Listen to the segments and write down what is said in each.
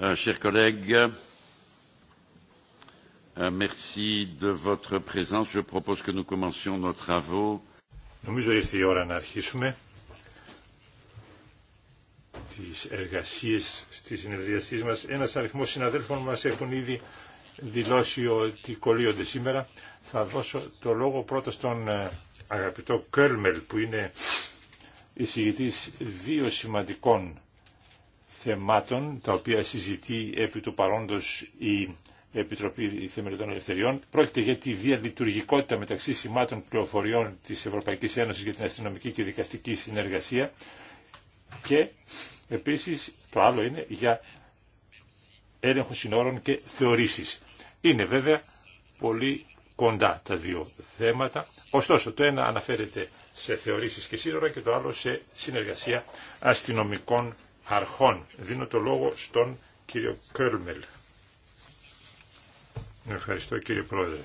Euh, chers collègues, euh, merci de votre présence. Je propose que nous commencions nos travaux. Νομίζω ήρθε η ώρα να αρχίσουμε τις εργασίες στις συνεδριασίες μας. Ένας αριθμός συναδέλφων μας έχουν ήδη δηλώσει ότι κολλείονται σήμερα. Θα δώσω το λόγο πρώτα στον ε, αγαπητό Κέρμελ που είναι εισηγητής δύο σημαντικών θεμάτων τα οποία συζητεί επί του παρόντος η Επιτροπή Θεμελιωτών Ελευθεριών. Πρόκειται για τη διαλειτουργικότητα μεταξύ σημάτων πληροφοριών της Ευρωπαϊκής Ένωσης για την αστυνομική και δικαστική συνεργασία και επίσης το άλλο είναι για έλεγχο συνόρων και θεωρήσεις. Είναι βέβαια πολύ κοντά τα δύο θέματα. Ωστόσο, το ένα αναφέρεται σε θεωρήσεις και σύνορα και το άλλο σε συνεργασία αστυνομικών αρχών. Δίνω το λόγο στον κύριο Κέρμελ. Ευχαριστώ κύριε Πρόεδρε.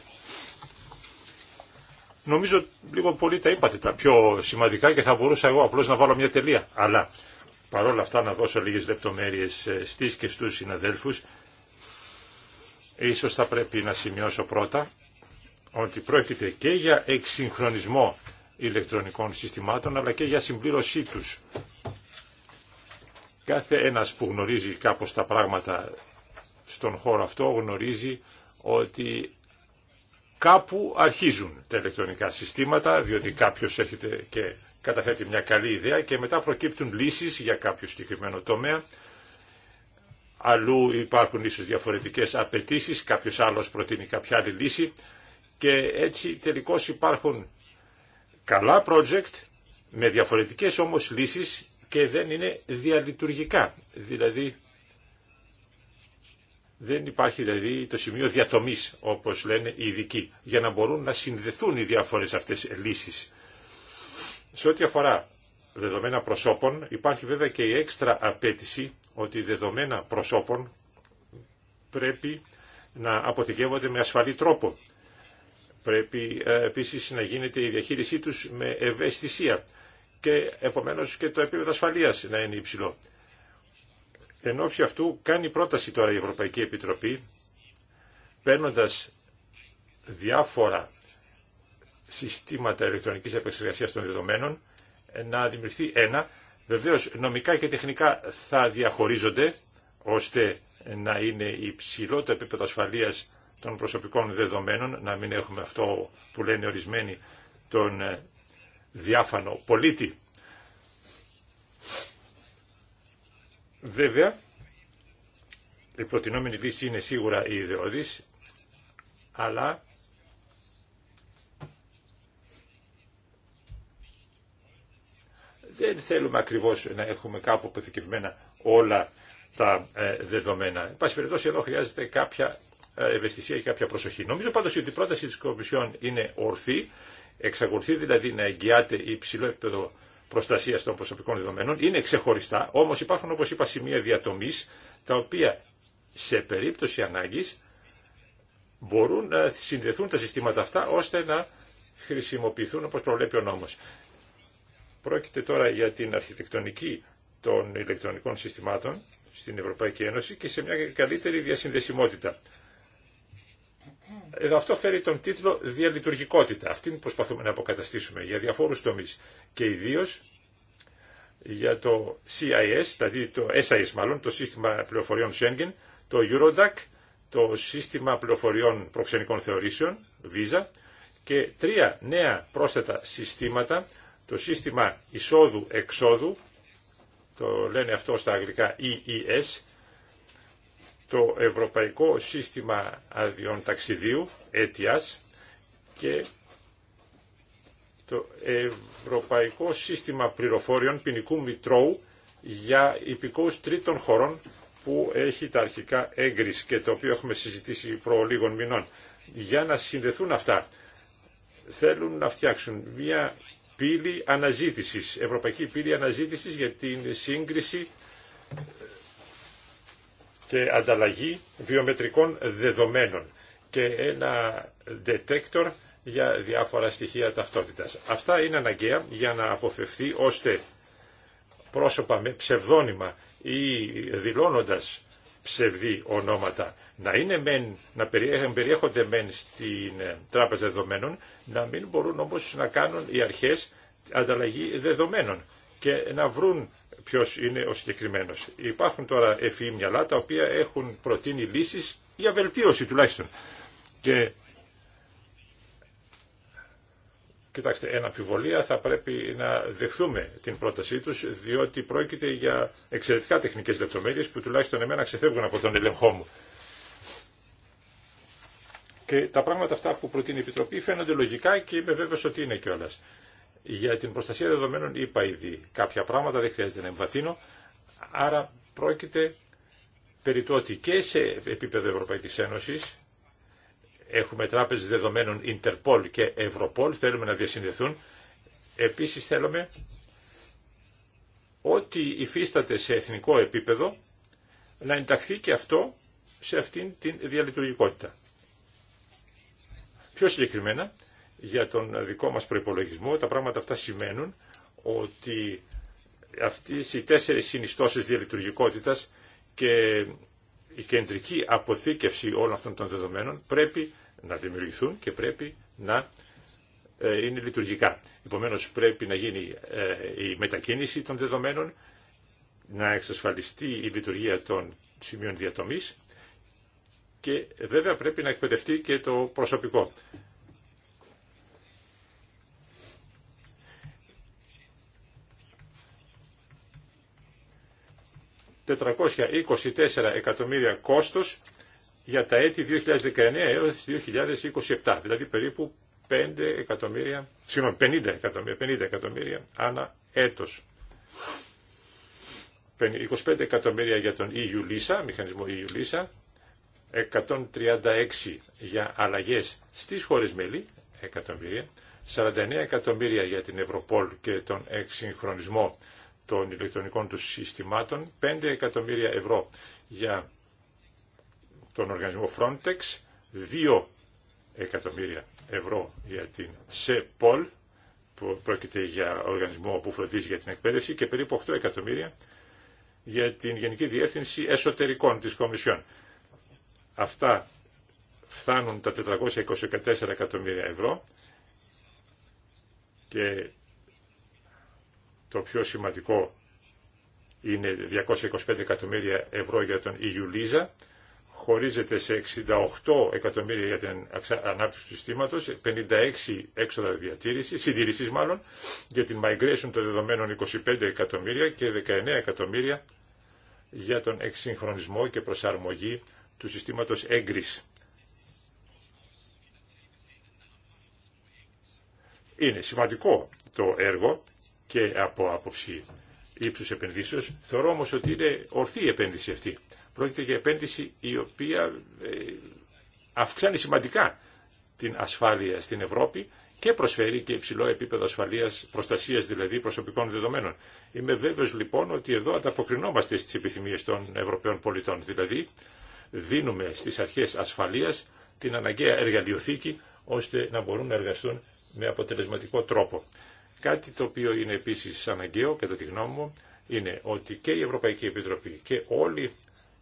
Νομίζω λίγο πολύ τα είπατε τα πιο σημαντικά και θα μπορούσα εγώ απλώς να βάλω μια τελεία. Αλλά παρόλα αυτά να δώσω λίγες λεπτομέρειες ε, στις και στους συναδέλφους. Ίσως θα πρέπει να σημειώσω πρώτα ότι πρόκειται και για εξυγχρονισμό ηλεκτρονικών συστημάτων αλλά και για συμπλήρωσή τους Κάθε ένας που γνωρίζει κάπως τα πράγματα στον χώρο αυτό γνωρίζει ότι κάπου αρχίζουν τα ηλεκτρονικά συστήματα, διότι κάποιος έρχεται και καταθέτει μια καλή ιδέα και μετά προκύπτουν λύσεις για κάποιο συγκεκριμένο τομέα. Αλλού υπάρχουν ίσως διαφορετικές απαιτήσεις, κάποιος άλλος προτείνει κάποια άλλη λύση και έτσι τελικώς υπάρχουν καλά project με διαφορετικές όμως λύσεις και δεν είναι διαλειτουργικά. Δηλαδή δεν υπάρχει δηλαδή το σημείο διατομής όπως λένε οι ειδικοί για να μπορούν να συνδεθούν οι διάφορες αυτές λύσεις. Σε ό,τι αφορά δεδομένα προσώπων υπάρχει βέβαια και η έξτρα απέτηση ότι δεδομένα προσώπων πρέπει να αποθηκεύονται με ασφαλή τρόπο. Πρέπει ε, επίσης να γίνεται η διαχείρισή τους με ευαισθησία και επομένως και το επίπεδο ασφαλείας να είναι υψηλό. Εν ώψη αυτού κάνει πρόταση τώρα η Ευρωπαϊκή Επιτροπή παίρνοντας διάφορα συστήματα ηλεκτρονικής επεξεργασίας των δεδομένων να δημιουργηθεί ένα. Βεβαίως νομικά και τεχνικά θα διαχωρίζονται ώστε να είναι υψηλό το επίπεδο ασφαλείας των προσωπικών δεδομένων, να μην έχουμε αυτό που λένε ορισμένοι τον ε, διάφανο πολίτη. Βέβαια, η προτινόμενη λύση είναι σίγουρα η ιδεώδης, αλλά δεν θέλουμε ακριβώς να έχουμε κάπου αποθηκευμένα όλα τα ε, δεδομένα. Εν πάση περιπτώσει εδώ χρειάζεται κάποια ε, ευαισθησία και κάποια προσοχή. Νομίζω πάντως ότι η πρόταση της Κομισιόν είναι ορθή εξακολουθεί δηλαδή να εγγυάται υψηλό επίπεδο προστασία των προσωπικών δεδομένων, είναι ξεχωριστά, όμως υπάρχουν όπως είπα σημεία διατομής, τα οποία σε περίπτωση ανάγκης μπορούν να συνδεθούν τα συστήματα αυτά ώστε να χρησιμοποιηθούν όπως προβλέπει ο νόμος. Πρόκειται τώρα για την αρχιτεκτονική των ηλεκτρονικών συστημάτων στην Ευρωπαϊκή Ένωση και σε μια καλύτερη διασυνδεσιμότητα. Εδώ αυτό φέρει τον τίτλο διαλειτουργικότητα. Αυτήν προσπαθούμε να αποκαταστήσουμε για διαφόρους τομείς και ιδίω για το CIS, δηλαδή το SIS μάλλον, το σύστημα πληροφοριών Schengen, το Eurodac, το σύστημα πληροφοριών προξενικών θεωρήσεων, Visa, και τρία νέα πρόσθετα συστήματα, το σύστημα εισόδου-εξόδου, το λένε αυτό στα αγγλικά EES, το Ευρωπαϊκό Σύστημα Αδειών Ταξιδίου, έτιας, και το Ευρωπαϊκό Σύστημα Πληροφόριων Ποινικού Μητρώου για υπηκόους τρίτων χωρών που έχει τα αρχικά έγκριση και το οποίο έχουμε συζητήσει προ λίγων μηνών. Για να συνδεθούν αυτά, θέλουν να φτιάξουν μια πύλη αναζήτησης, ευρωπαϊκή πύλη αναζήτησης για την σύγκριση και ανταλλαγή βιομετρικών δεδομένων και ένα detector για διάφορα στοιχεία ταυτότητας. Αυτά είναι αναγκαία για να αποφευθεί ώστε πρόσωπα με ψευδόνυμα ή δηλώνοντας ψευδή ονόματα να, είναι μεν, να περιέχονται μεν στην ε, τράπεζα δεδομένων, να μην μπορούν όμως να κάνουν οι αρχές ανταλλαγή δεδομένων και να βρουν ποιος είναι ο συγκεκριμένος. Υπάρχουν τώρα ευφυή μυαλά τα οποία έχουν προτείνει λύσεις για βελτίωση τουλάχιστον. Και Κοιτάξτε, ένα αμφιβολία θα πρέπει να δεχθούμε την πρότασή τους, διότι πρόκειται για εξαιρετικά τεχνικές λεπτομέρειες που τουλάχιστον εμένα ξεφεύγουν από τον ελεγχό μου. Και τα πράγματα αυτά που προτείνει η Επιτροπή φαίνονται λογικά και είμαι βέβαιος ότι είναι κιόλα. Για την προστασία δεδομένων είπα ήδη κάποια πράγματα, δεν χρειάζεται να εμβαθύνω, άρα πρόκειται περί του ότι και σε επίπεδο Ευρωπαϊκής Ένωσης έχουμε τράπεζες δεδομένων Interpol και Europol, θέλουμε να διασυνδεθούν. Επίσης θέλουμε ό,τι υφίσταται σε εθνικό επίπεδο να ενταχθεί και αυτό σε αυτήν την διαλειτουργικότητα. Πιο συγκεκριμένα, για τον δικό μας προϋπολογισμό, τα πράγματα αυτά σημαίνουν ότι αυτές οι τέσσερις συνιστώσεις διαλειτουργικότητας και η κεντρική αποθήκευση όλων αυτών των δεδομένων πρέπει να δημιουργηθούν και πρέπει να ε, είναι λειτουργικά. Επομένως πρέπει να γίνει ε, η μετακίνηση των δεδομένων, να εξασφαλιστεί η λειτουργία των σημείων διατομής και βέβαια πρέπει να εκπαιδευτεί και το προσωπικό. 424 εκατομμύρια κόστος για τα έτη 2019 έως 2027, δηλαδή περίπου 5 εκατομμύρια, 50 εκατομμύρια, 50 εκατομμύρια ανά έτος. 25 εκατομμύρια για τον EU Lisa, μηχανισμό EU Lisa, 136 για αλλαγές στις χώρες μέλη, εκατομμύρια, 49 εκατομμύρια για την Ευρωπόλ και τον εξυγχρονισμό των ηλεκτρονικών του συστημάτων, 5 εκατομμύρια ευρώ για τον οργανισμό Frontex, 2 εκατομμύρια ευρώ για την ΣΕΠΟΛ, που πρόκειται για οργανισμό που φροντίζει για την εκπαίδευση, και περίπου 8 εκατομμύρια για την Γενική Διεύθυνση Εσωτερικών της Κομισιόν. Αυτά φτάνουν τα 424 εκατομμύρια ευρώ και το πιο σημαντικό είναι 225 εκατομμύρια ευρώ για τον EU χωρίζεται σε 68 εκατομμύρια για την ανάπτυξη του συστήματος, 56 έξοδα διατήρησης, συντηρησής μάλλον, για την migration των δεδομένων 25 εκατομμύρια και 19 εκατομμύρια για τον εξυγχρονισμό και προσαρμογή του συστήματος έγκρισης. Είναι σημαντικό το έργο και από άποψη ύψους επενδύσεως. Θεωρώ όμως ότι είναι ορθή η επένδυση αυτή. Πρόκειται για επένδυση η οποία ε, αυξάνει σημαντικά την ασφάλεια στην Ευρώπη και προσφέρει και υψηλό επίπεδο ασφαλείας, προστασίας δηλαδή προσωπικών δεδομένων. Είμαι βέβαιο λοιπόν ότι εδώ ανταποκρινόμαστε στι επιθυμίες των Ευρωπαίων πολιτών. Δηλαδή δίνουμε στις αρχές ασφαλείας την αναγκαία εργαλειοθήκη ώστε να μπορούν να εργαστούν με αποτελεσματικό τρόπο. Κάτι το οποίο είναι επίσης αναγκαίο, κατά τη γνώμη μου, είναι ότι και η Ευρωπαϊκή Επιτροπή και όλοι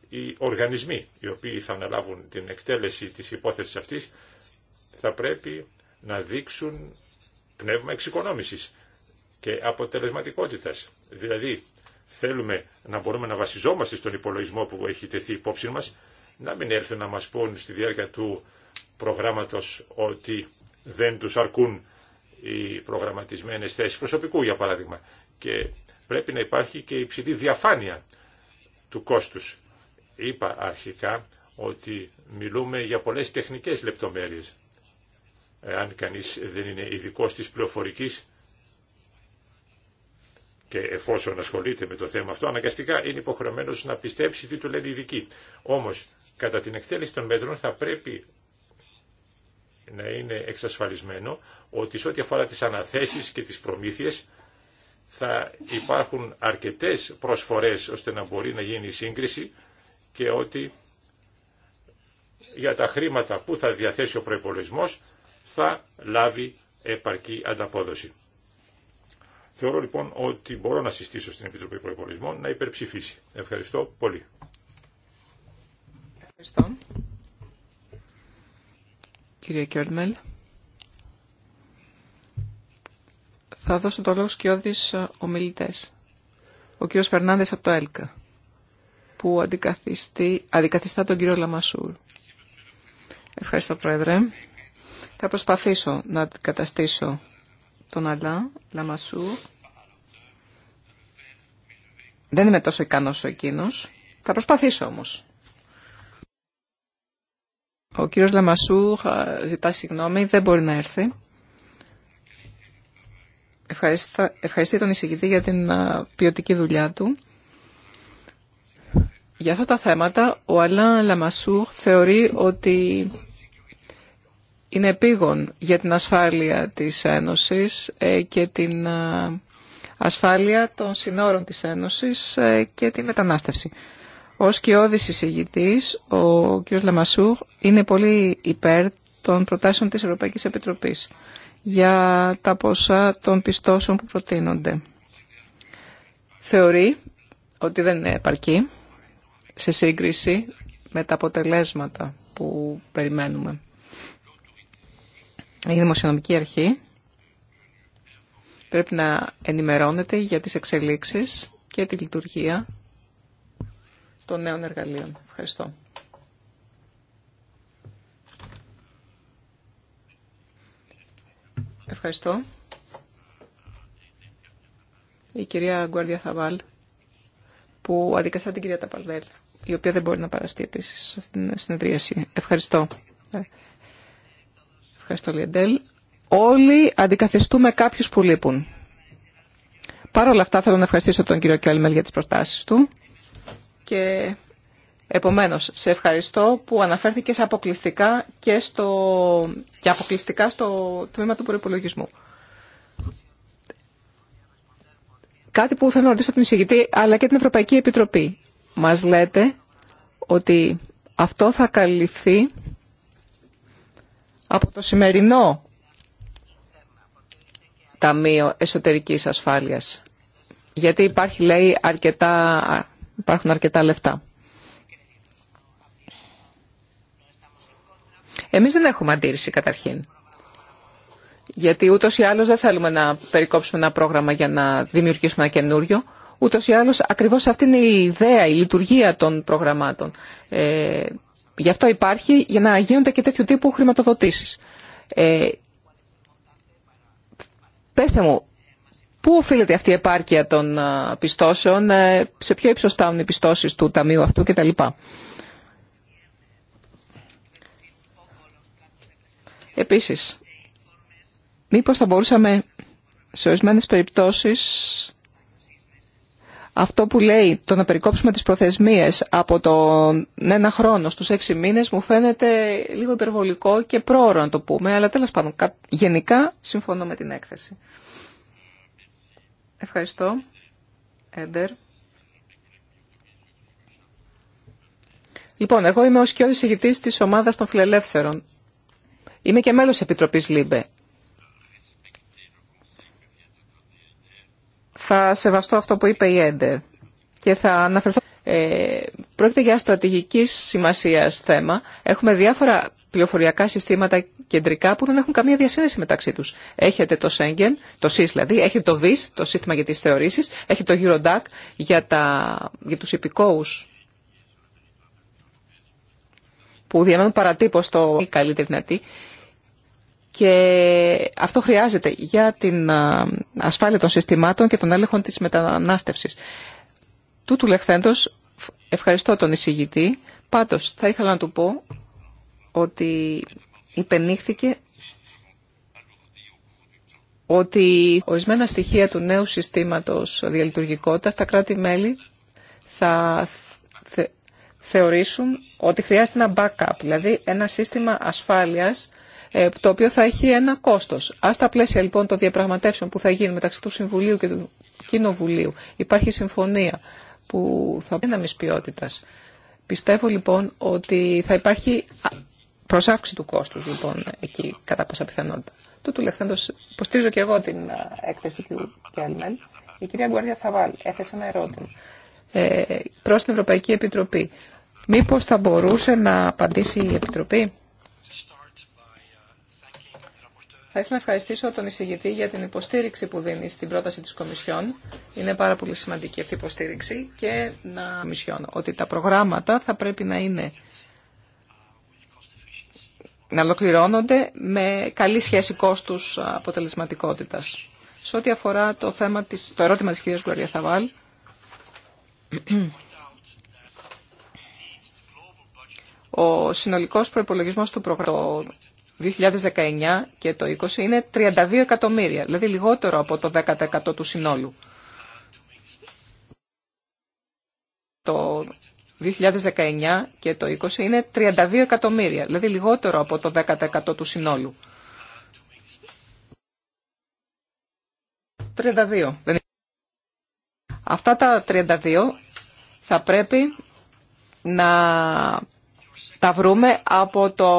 οι οργανισμοί οι οποίοι θα αναλάβουν την εκτέλεση της υπόθεσης αυτής θα πρέπει να δείξουν πνεύμα εξοικονόμησης και αποτελεσματικότητας. Δηλαδή θέλουμε να μπορούμε να βασιζόμαστε στον υπολογισμό που έχει τεθεί υπόψη μας, να μην έρθουν να μας πούν στη διάρκεια του προγράμματος ότι δεν τους αρκούν οι προγραμματισμένες θέσεις προσωπικού για παράδειγμα και πρέπει να υπάρχει και υψηλή διαφάνεια του κόστους. Είπα αρχικά ότι μιλούμε για πολλές τεχνικές λεπτομέρειες. Αν κανείς δεν είναι ειδικό της πληροφορικής και εφόσον ασχολείται με το θέμα αυτό, αναγκαστικά είναι υποχρεωμένος να πιστέψει τι του λένε οι ειδικοί. Όμως, κατά την εκτέλεση των μέτρων θα πρέπει να είναι εξασφαλισμένο ότι σε ό,τι αφορά τις αναθέσεις και τις προμήθειες θα υπάρχουν αρκετές προσφορές ώστε να μπορεί να γίνει η σύγκριση και ότι για τα χρήματα που θα διαθέσει ο προπολογισμό θα λάβει επαρκή ανταπόδοση. Θεωρώ λοιπόν ότι μπορώ να συστήσω στην Επιτροπή Προπολογισμών να υπερψηφίσει. Ευχαριστώ πολύ. Ευχαριστώ κύριε Κιόλμελ, Θα δώσω το λόγο σκιώδη ε, ομιλητές. Ο κύριος Φερνάνδες από το ΕΛΚΑ, που αντικαθιστά τον κύριο Λαμασούρ. Ευχαριστώ, Πρόεδρε. Θα προσπαθήσω να αντικαταστήσω τον Αλά Λαμασούρ. Δεν είμαι τόσο ικανός ο εκείνος. Θα προσπαθήσω όμως. Ο κύριος Λαμασού, ζητά συγγνώμη, δεν μπορεί να έρθει. Ευχαριστεί τον εισηγητή για την ποιοτική δουλειά του. Για αυτά τα θέματα, ο Αλάν Λαμασούρ θεωρεί ότι είναι επίγον για την ασφάλεια της Ένωσης ε, και την ασφάλεια των συνόρων της Ένωσης ε, και τη μετανάστευση. Ως κοιόδης εισηγητής, ο κ. Λαμασού είναι πολύ υπέρ των προτάσεων της Ευρωπαϊκής Επιτροπής για τα ποσά των πιστώσεων που προτείνονται. Θεωρεί ότι δεν είναι επαρκή σε σύγκριση με τα αποτελέσματα που περιμένουμε. Η Δημοσιονομική Αρχή πρέπει να ενημερώνεται για τις εξελίξεις και τη λειτουργία των νέων εργαλείων. Ευχαριστώ. Ευχαριστώ. Η κυρία Γκουάρδια Θαβάλ, που αντικαθά την κυρία Ταπαλδέλ, η οποία δεν μπορεί να παραστεί επίση στην συνεδρίαση. Ευχαριστώ. Ευχαριστώ, Λιεντέλ. Όλοι αντικαθιστούμε κάποιους που λείπουν. Παρ' όλα αυτά θέλω να ευχαριστήσω τον κύριο Κιόλμελ για τις προτάσει του και επομένως σε ευχαριστώ που αναφέρθηκες αποκλειστικά και, στο, και αποκλειστικά στο τμήμα του προπολογισμού. Κάτι που θέλω να ρωτήσω την εισηγητή αλλά και την Ευρωπαϊκή Επιτροπή. Μας λέτε ότι αυτό θα καλυφθεί από το σημερινό Ταμείο Εσωτερικής Ασφάλειας. Γιατί υπάρχει, λέει, αρκετά υπάρχουν αρκετά λεφτά. Εμείς δεν έχουμε αντίρρηση καταρχήν. Γιατί ούτω ή άλλω δεν θέλουμε να περικόψουμε ένα πρόγραμμα για να δημιουργήσουμε ένα καινούριο. Ούτω ή άλλω ακριβώ αυτή είναι η ιδέα, η λειτουργία των προγραμμάτων. Ε, γι' αυτό υπάρχει για να γίνονται και τέτοιου τύπου χρηματοδοτήσει. Ε, πέστε μου, Πού οφείλεται αυτή η επάρκεια των πιστώσεων, ε, σε ποιο ύψος στάουν οι πιστώσεις του ταμείου αυτού κτλ. Επίσης, μήπως θα μπορούσαμε σε ορισμένες περιπτώσεις αυτό που λέει το να περικόψουμε τις προθεσμίες από τον ένα χρόνο στους έξι μήνες μου φαίνεται λίγο υπερβολικό και πρόωρο να το πούμε, αλλά τέλος πάντων γενικά συμφωνώ με την έκθεση. Ευχαριστώ. Έντερ. Λοιπόν, εγώ είμαι ο σκιώδης ηγητής της ομάδας των φιλελεύθερων. Είμαι και μέλος Επιτροπής ΛΥΜΠΕ. Θα σεβαστώ αυτό που είπε η Έντερ και θα αναφερθώ. Ε, πρόκειται για στρατηγικής σημασίας θέμα. Έχουμε διάφορα πληροφοριακά συστήματα κεντρικά που δεν έχουν καμία διασύνδεση μεταξύ τους. Έχετε το Schengen, το SIS δηλαδή, έχετε το VIS, το σύστημα για τις θεωρήσεις, έχετε το Eurodac για, τα, για τους υπηκόους που διαμένουν παρατύπω στο καλύτερη δυνατή. Και αυτό χρειάζεται για την ασφάλεια των συστημάτων και των έλεγχων της μετανάστευσης. Τούτου λεχθέντος, ευχαριστώ τον εισηγητή. Πάντως, θα ήθελα να του πω ότι υπενήχθηκε ότι ορισμένα στοιχεία του νέου συστήματος διαλειτουργικότητας τα κράτη-μέλη θα θεωρήσουν ότι χρειάζεται ένα backup, δηλαδή ένα σύστημα ασφάλειας ε, το οποίο θα έχει ένα κόστος. Ας τα πλαίσια λοιπόν των διαπραγματεύσεων που θα γίνει μεταξύ του Συμβουλίου και του Κοινοβουλίου υπάρχει συμφωνία που θα είναι ποιότητα. Πιστεύω λοιπόν ότι θα υπάρχει προς αύξηση του κόστους λοιπόν εκεί κατά πάσα πιθανότητα. Του του υποστήριζω και εγώ την έκθεση του Κέλμεν. Η κυρία Γκουάρδια Θαβάλ έθεσε ένα ερώτημα ε, προς την Ευρωπαϊκή Επιτροπή. Μήπως θα μπορούσε να απαντήσει η Επιτροπή. Θα ήθελα να ευχαριστήσω τον εισηγητή για την υποστήριξη που δίνει στην πρόταση της Κομισιόν. Είναι πάρα πολύ σημαντική αυτή η υποστήριξη και να μισιώνω ότι τα προγράμματα θα πρέπει να είναι να ολοκληρώνονται με καλή σχέση κόστους αποτελεσματικότητας. Σε ό,τι αφορά το, θέμα της, το ερώτημα της κυρίας Γκλωρία Θαβάλ, ο συνολικός προϋπολογισμός του προγράμματος 2019 και το 20 είναι 32 εκατομμύρια, δηλαδή λιγότερο από το 10% του συνόλου. Το 2019 και το 20 είναι 32 εκατομμύρια, δηλαδή λιγότερο από το 10% του συνόλου. 32. Αυτά τα 32 θα πρέπει να τα βρούμε από το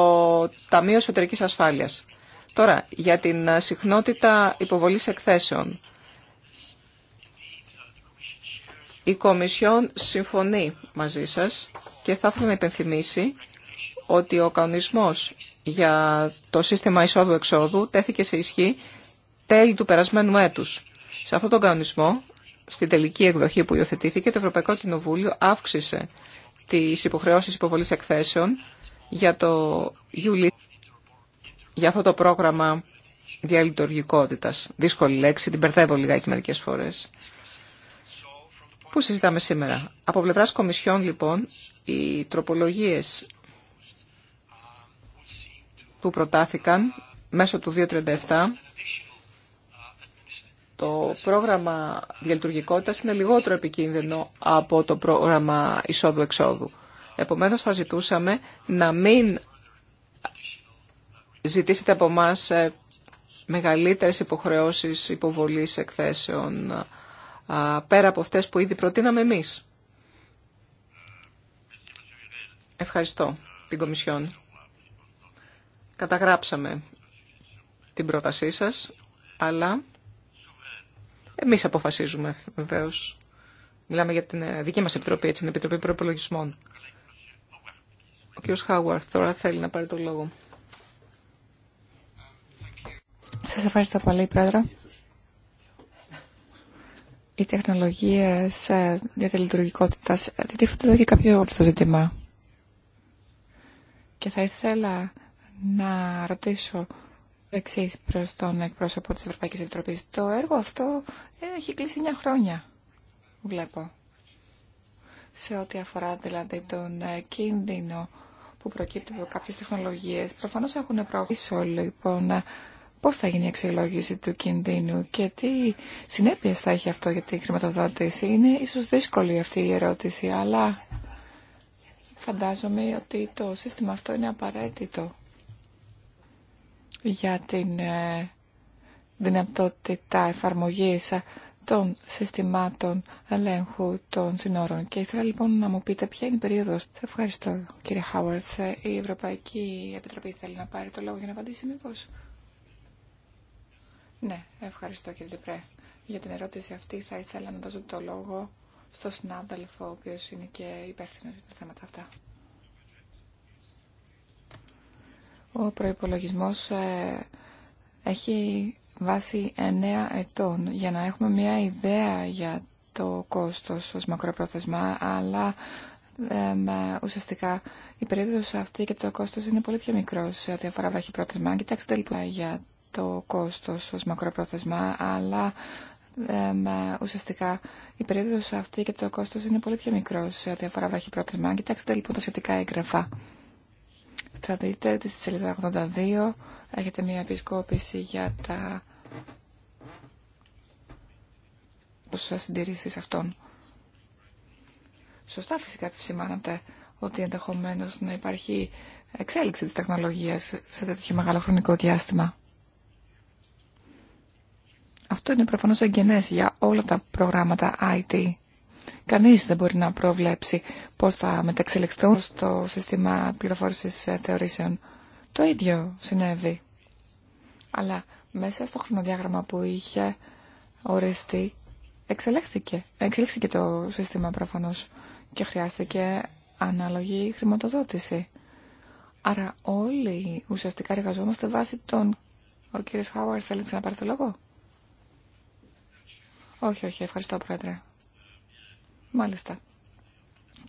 Ταμείο Εσωτερικής Ασφάλειας. Τώρα, για την συχνότητα υποβολής εκθέσεων Η Κομισιόν συμφωνεί μαζί σας και θα ήθελα να υπενθυμίσει ότι ο κανονισμός για το σύστημα εισόδου-εξόδου τέθηκε σε ισχύ τέλη του περασμένου έτους. Σε αυτόν τον κανονισμό, στην τελική εκδοχή που υιοθετήθηκε, το Ευρωπαϊκό Κοινοβούλιο αύξησε τις υποχρεώσεις υποβολής εκθέσεων για το Ιουλί, για αυτό το πρόγραμμα διαλειτουργικότητας. Δύσκολη λέξη, την περδεύω λιγάκι μερικές φορές που συζητάμε σήμερα. Από πλευράς Κομισιόν, λοιπόν, οι τροπολογίες που προτάθηκαν μέσω του 237, το πρόγραμμα διαλειτουργικότητας είναι λιγότερο επικίνδυνο από το πρόγραμμα εισόδου-εξόδου. Επομένως, θα ζητούσαμε να μην ζητήσετε από εμά μεγαλύτερες υποχρεώσεις υποβολής εκθέσεων πέρα από αυτές που ήδη προτείναμε εμείς. Ευχαριστώ την Κομισιόν. Καταγράψαμε την πρότασή σας, αλλά εμείς αποφασίζουμε βεβαίω. Μιλάμε για την ε, δική μας Επιτροπή, έτσι, την Επιτροπή Προπολογισμών. Ο κ. Χάουαρθ τώρα θέλει να πάρει το λόγο. Σας ευχαριστώ πολύ, Πρόεδρο οι τεχνολογίες διατελειτουργικότητας ε, ε, διτύφονται εδώ και κάποιο όλο το ζήτημα. Και θα ήθελα να ρωτήσω εξή προ τον εκπρόσωπο της Ευρωπαϊκή Επιτροπή. Το έργο αυτό έχει κλείσει μια χρόνια, βλέπω. Σε ό,τι αφορά δηλαδή τον ε, κίνδυνο που προκύπτει από κάποιες τεχνολογίες. Προφανώς έχουν προωθήσει λοιπόν πώς θα γίνει η αξιολόγηση του κινδύνου και τι συνέπειες θα έχει αυτό για την χρηματοδότηση. Είναι ίσως δύσκολη αυτή η ερώτηση, αλλά φαντάζομαι ότι το σύστημα αυτό είναι απαραίτητο για την ε, δυνατότητα εφαρμογής των συστημάτων ελέγχου των συνόρων. Και ήθελα λοιπόν να μου πείτε ποια είναι η περίοδος. ευχαριστώ κύριε Χάουαρτ. Η Ευρωπαϊκή Επιτροπή θέλει να πάρει το λόγο για να απαντήσει μήπως. Ναι, ευχαριστώ κύριε Διπρέ Για την ερώτηση αυτή θα ήθελα να δώσω το λόγο στο συνάδελφο, ο οποίο είναι και υπεύθυνο για τα θέματα αυτά. Ο προπολογισμό ε, έχει βάση 9 ετών για να έχουμε μια ιδέα για το κόστος ως μακροπρόθεσμα, αλλά ε, ουσιαστικά η περίοδος αυτή και το κόστος είναι πολύ πιο μικρό σε ό,τι αφορά βραχυπρόθεσμα. Κοιτάξτε λοιπόν για το κόστος ως μακροπρόθεσμα, αλλά ε, ουσιαστικά η περίοδος αυτή και το κόστος είναι πολύ πιο μικρό σε ό,τι αφορά βραχυπρόθεσμα. Κοιτάξτε λοιπόν τα σχετικά έγγραφα. Θα δείτε ότι στη σελίδα 82 έχετε μια επισκόπηση για τα ποσοστά συντηρήσει αυτών. Σωστά φυσικά επισημάνατε ότι ενδεχομένως να υπάρχει εξέλιξη της τεχνολογίας σε τέτοιο μεγάλο χρονικό διάστημα. Αυτό είναι προφανώς εγγενές για όλα τα προγράμματα IT. Κανείς δεν μπορεί να προβλέψει πώς θα μεταξελιχθούν στο σύστημα πληροφόρησης ε, θεωρήσεων. Το ίδιο συνέβη. Αλλά μέσα στο χρονοδιάγραμμα που είχε οριστεί, εξελέχθηκε. Εξελέχθηκε το σύστημα προφανώς και χρειάστηκε ανάλογη χρηματοδότηση. Άρα όλοι ουσιαστικά εργαζόμαστε βάσει των... Ο κύριος Χάουαρ θέλει να πάρει το λόγο. Όχι, όχι, ευχαριστώ πρόεδρε. Μάλιστα.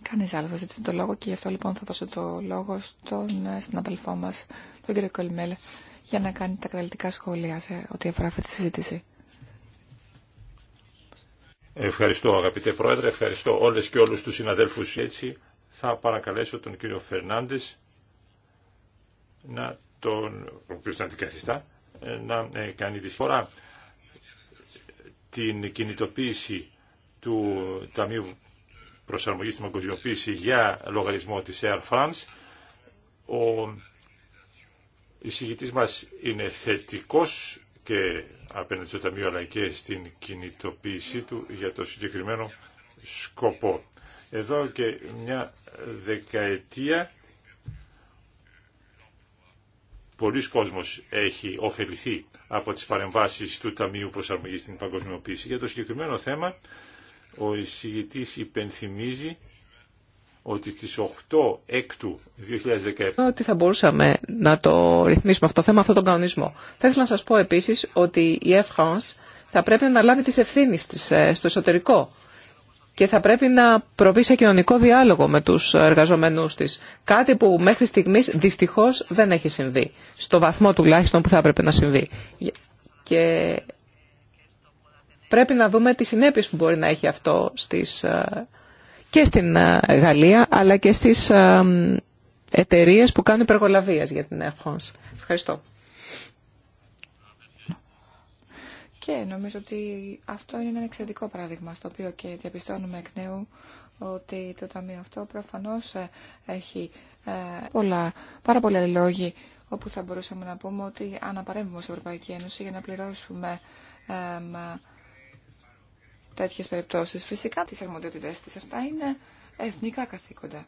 Κανείς άλλος θα ζήτησε το λόγο και γι' αυτό λοιπόν θα δώσω το λόγο στον συναδελφό μας, τον κύριο Κολμέλ, για να κάνει τα καταλητικά σχόλια σε ό,τι αφορά αυτή τη συζήτηση. Ευχαριστώ αγαπητέ Πρόεδρε, ευχαριστώ όλες και όλους τους συναδέλφους έτσι. Θα παρακαλέσω τον κύριο Φερνάντες να τον, ο οποίος θα αντικαθιστά, ε, να ε, κάνει τη φορά την κινητοποίηση του Ταμείου Προσαρμογής στην Παγκοσμιοποίηση για λογαριασμό της Air France. Ο εισηγητής μας είναι θετικός και απέναντι στο Ταμείο αλλά και στην κινητοποίησή του για το συγκεκριμένο σκοπό. Εδώ και μια δεκαετία πολλοί κόσμος έχει ωφεληθεί από τις παρεμβάσεις του Ταμείου Προσαρμογής στην Παγκοσμιοποίηση. Για το συγκεκριμένο θέμα, ο εισηγητής υπενθυμίζει ότι στις 8 έκτου 2017... Ότι θα μπορούσαμε να το ρυθμίσουμε αυτό το θέμα, αυτόν τον κανονισμό. Θα ήθελα να σας πω επίσης ότι η Air France θα πρέπει να λάβει τις ευθύνες της ε, στο εσωτερικό και θα πρέπει να προβεί σε κοινωνικό διάλογο με τους εργαζομένους της. Κάτι που μέχρι στιγμής δυστυχώς δεν έχει συμβεί, στο βαθμό τουλάχιστον που θα έπρεπε να συμβεί. Και πρέπει να δούμε τις συνέπειες που μπορεί να έχει αυτό στις, ε, και στην ε, Γαλλία, αλλά και στις ε, εταιρείες που κάνουν υπεργολαβίες για την Air Ευχαριστώ. Και νομίζω ότι αυτό είναι ένα εξαιρετικό παράδειγμα στο οποίο και διαπιστώνουμε εκ νέου ότι το Ταμείο αυτό προφανώς ε, έχει ε, πολλά, πάρα πολλά λόγοι όπου θα μπορούσαμε να πούμε ότι αναπαρέμβουμε στην Ευρωπαϊκή Ένωση για να πληρώσουμε τέτοιες περιπτώσεις. Φυσικά τις αρμοδιότητες της αυτά είναι εθνικά καθήκοντα.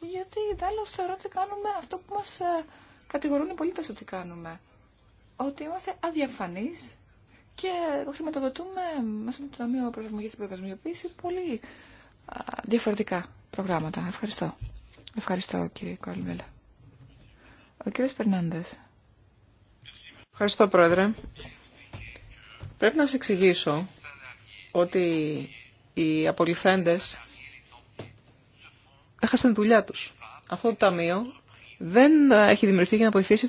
Γιατί δάλλως θεωρώ ότι κάνουμε αυτό που μας ε, κατηγορούν οι πολίτες ότι κάνουμε ότι είμαστε αδιαφανείς και χρηματοδοτούμε μέσα από το Ταμείο Προσαρμογή στην Προκοσμιοποίηση πολύ διαφορετικά προγράμματα. Ευχαριστώ. Ευχαριστώ κύριε Κόλμπελα. Ο κύριος Περνάντες. Ευχαριστώ πρόεδρε. Πρέπει να σας εξηγήσω ότι οι απολυθέντες έχασαν δουλειά τους. Αυτό το ταμείο δεν έχει δημιουργηθεί για να βοηθήσει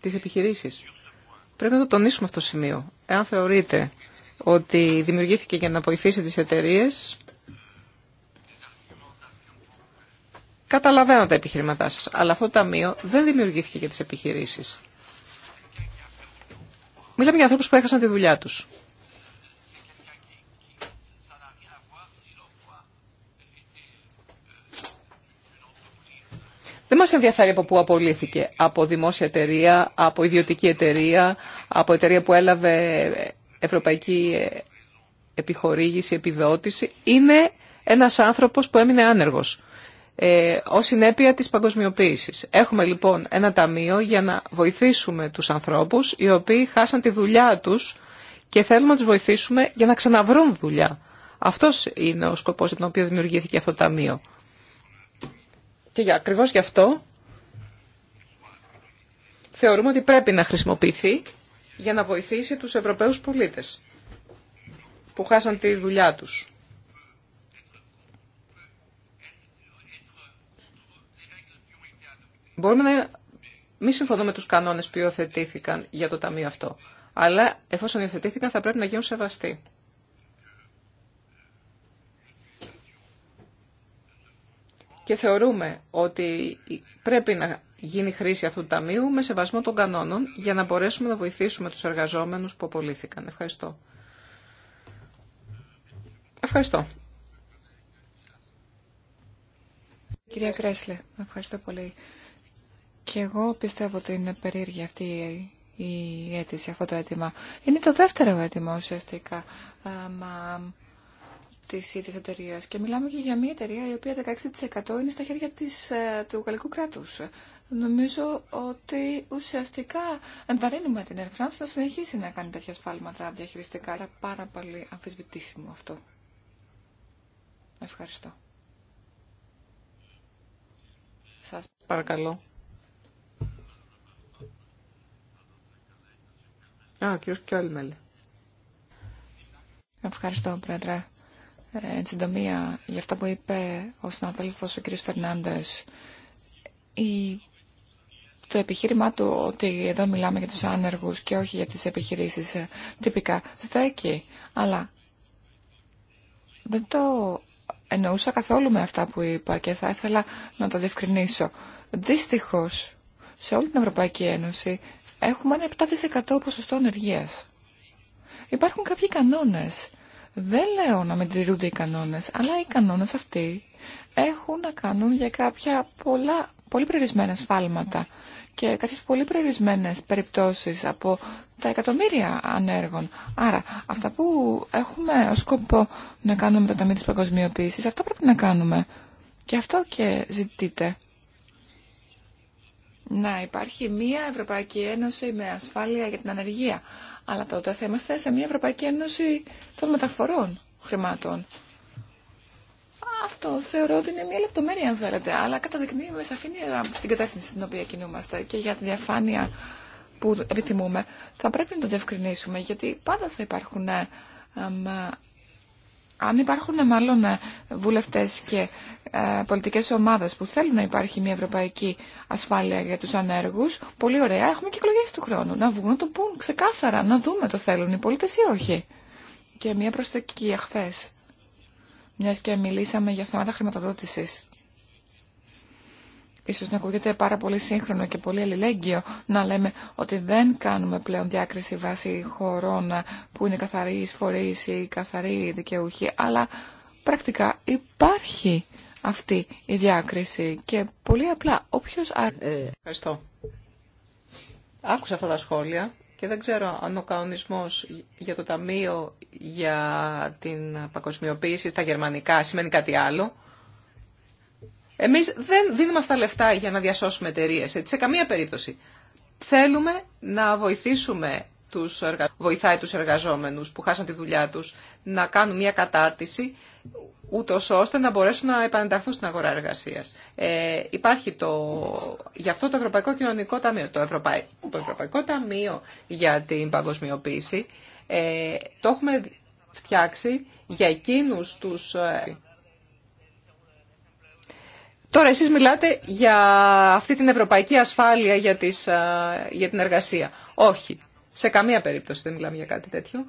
τις επιχειρήσεις. Πρέπει να το τονίσουμε αυτό το σημείο. Εάν θεωρείτε ότι δημιουργήθηκε για να βοηθήσει τις εταιρείε. Καταλαβαίνω τα επιχειρηματά σας, αλλά αυτό το ταμείο δεν δημιουργήθηκε για τις επιχειρήσεις. Μιλάμε για ανθρώπους που έχασαν τη δουλειά τους. Δεν μας ενδιαφέρει από πού απολύθηκε. Από δημόσια εταιρεία, από ιδιωτική εταιρεία, από εταιρεία που έλαβε ευρωπαϊκή επιχορήγηση, επιδότηση. Είναι ένας άνθρωπος που έμεινε άνεργος ε, ως συνέπεια της παγκοσμιοποίησης. Έχουμε λοιπόν ένα ταμείο για να βοηθήσουμε τους ανθρώπους οι οποίοι χάσαν τη δουλειά τους και θέλουμε να τους βοηθήσουμε για να ξαναβρούν δουλειά. Αυτός είναι ο σκοπός για τον οποίο δημιουργήθηκε αυτό το ταμείο. Και για, ακριβώς γι' αυτό θεωρούμε ότι πρέπει να χρησιμοποιηθεί για να βοηθήσει τους Ευρωπαίους πολίτες που χάσαν τη δουλειά τους. Μπορούμε να μην συμφωνούμε με τους κανόνες που υιοθετήθηκαν για το Ταμείο αυτό, αλλά εφόσον υιοθετήθηκαν θα πρέπει να γίνουν σεβαστοί. και θεωρούμε ότι πρέπει να γίνει χρήση αυτού του ταμείου με σεβασμό των κανόνων για να μπορέσουμε να βοηθήσουμε τους εργαζόμενους που απολύθηκαν. Ευχαριστώ. Ευχαριστώ. Κυρία Κρέσλε, ευχαριστώ πολύ. Και εγώ πιστεύω ότι είναι περίεργη αυτή η αίτηση, αυτό το αίτημα. Είναι το δεύτερο αίτημα ουσιαστικά. Μα τη ίδια εταιρεία. Και μιλάμε και για μια εταιρεία η οποία 16% είναι στα χέρια της, ε, του γαλλικού κράτου. Νομίζω ότι ουσιαστικά ενθαρρύνουμε την Air France να συνεχίσει να κάνει τέτοια σφάλματα διαχειριστικά. αλλά πάρα πολύ αμφισβητήσιμο αυτό. Ευχαριστώ. Σας παρακαλώ. Α, Κιόλμελ. Ευχαριστώ, Πρόεδρε. Ε, εν συντομία για αυτά που είπε ο συναδέλφος ο κ. Φερνάντες η... το επιχείρημά του ότι εδώ μιλάμε για τους άνεργους και όχι για τις επιχειρήσεις ε, τυπικά στέκει αλλά δεν το εννοούσα καθόλου με αυτά που είπα και θα ήθελα να το διευκρινίσω δυστυχώς σε όλη την Ευρωπαϊκή Ένωση έχουμε ένα 7% ποσοστό ανεργίας υπάρχουν κάποιοι κανόνες δεν λέω να με τηρούνται οι κανόνες, αλλά οι κανόνες αυτοί έχουν να κάνουν για κάποια πολλά, πολύ περιορισμένα φάλματα και κάποιες πολύ περιορισμένες περιπτώσεις από τα εκατομμύρια ανέργων. Άρα, αυτά που έχουμε ως σκοπό να κάνουμε με το Ταμείο της Παγκοσμιοποίησης, αυτό πρέπει να κάνουμε. Και αυτό και ζητείτε να υπάρχει μια Ευρωπαϊκή Ένωση με ασφάλεια για την ανεργία. Αλλά τότε θα είμαστε σε μια Ευρωπαϊκή Ένωση των μεταφορών χρημάτων. Αυτό θεωρώ ότι είναι μια λεπτομέρεια αν θέλετε, αλλά καταδεικνύει με σαφήνεια την κατεύθυνση στην οποία κινούμαστε και για τη διαφάνεια που επιθυμούμε. Θα πρέπει να το διευκρινίσουμε γιατί πάντα θα υπάρχουν ε, αν υπάρχουν ε, μάλλον ε, βουλευτές και ε, πολιτικές ομάδες που θέλουν να υπάρχει μια ευρωπαϊκή ασφάλεια για τους ανέργους, πολύ ωραία, έχουμε και εκλογές του χρόνου. Να βγουν, να το πούν ξεκάθαρα, να δούμε το θέλουν οι πολίτες ή όχι. Και μια προσθεκή εχθές, μιας και μιλήσαμε για θέματα χρηματοδότησης. Ίσως να ακούγεται πάρα πολύ σύγχρονο και πολύ αλληλέγγυο να λέμε ότι δεν κάνουμε πλέον διάκριση βάσει χωρών που είναι καθαροί εισφορείς καθαρή αλλά πρακτικά υπάρχει αυτή η καθαρη δικαιουχοι αλλα πρακτικα υπαρχει αυτη η διακριση και πολύ απλά όποιος... Ε, ευχαριστώ. Άκουσα αυτά τα σχόλια και δεν ξέρω αν ο κανονισμός για το Ταμείο για την παγκοσμιοποίηση στα γερμανικά σημαίνει κάτι άλλο. Εμεί δεν δίνουμε αυτά λεφτά για να διασώσουμε εταιρείε, σε καμία περίπτωση. Θέλουμε να βοηθήσουμε τους, βοηθάει τους εργαζόμενους που χάσαν τη δουλειά τους να κάνουν μια κατάρτιση ούτω ώστε να μπορέσουν να επανενταχθούν στην αγορά εργασία. Ε, υπάρχει το, γι' αυτό το Ευρωπαϊκό Κοινωνικό Ταμείο, το, Ευρωπαϊκό Ταμείο για την παγκοσμιοποίηση, ε, το έχουμε φτιάξει για εκείνους τους ε, Τώρα εσείς μιλάτε για αυτή την ευρωπαϊκή ασφάλεια για, τις, για την εργασία. Όχι. Σε καμία περίπτωση δεν μιλάμε για κάτι τέτοιο.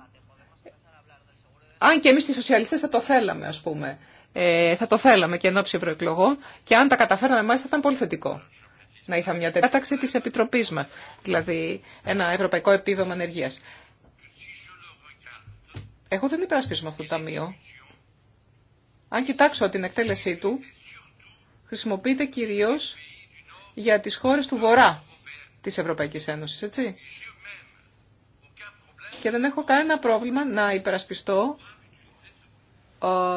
Αν και εμείς οι σοσιαλιστές θα το θέλαμε, ας πούμε. Ε, θα το θέλαμε και ενώψη ευρωεκλογών και αν τα καταφέραμε μάλιστα θα ήταν πολύ θετικό να είχαμε μια τέτοια κάταξη της Επιτροπής μας, δηλαδή ένα ευρωπαϊκό επίδομα ενεργείας. Εγώ δεν υπερασπίζομαι αυτό το ταμείο. Αν κοιτάξω την εκτέλεσή του, χρησιμοποιείται κυρίως για τις χώρες του Βορρά της Ευρωπαϊκής Ένωσης, έτσι. Και δεν έχω κανένα πρόβλημα να υπερασπιστώ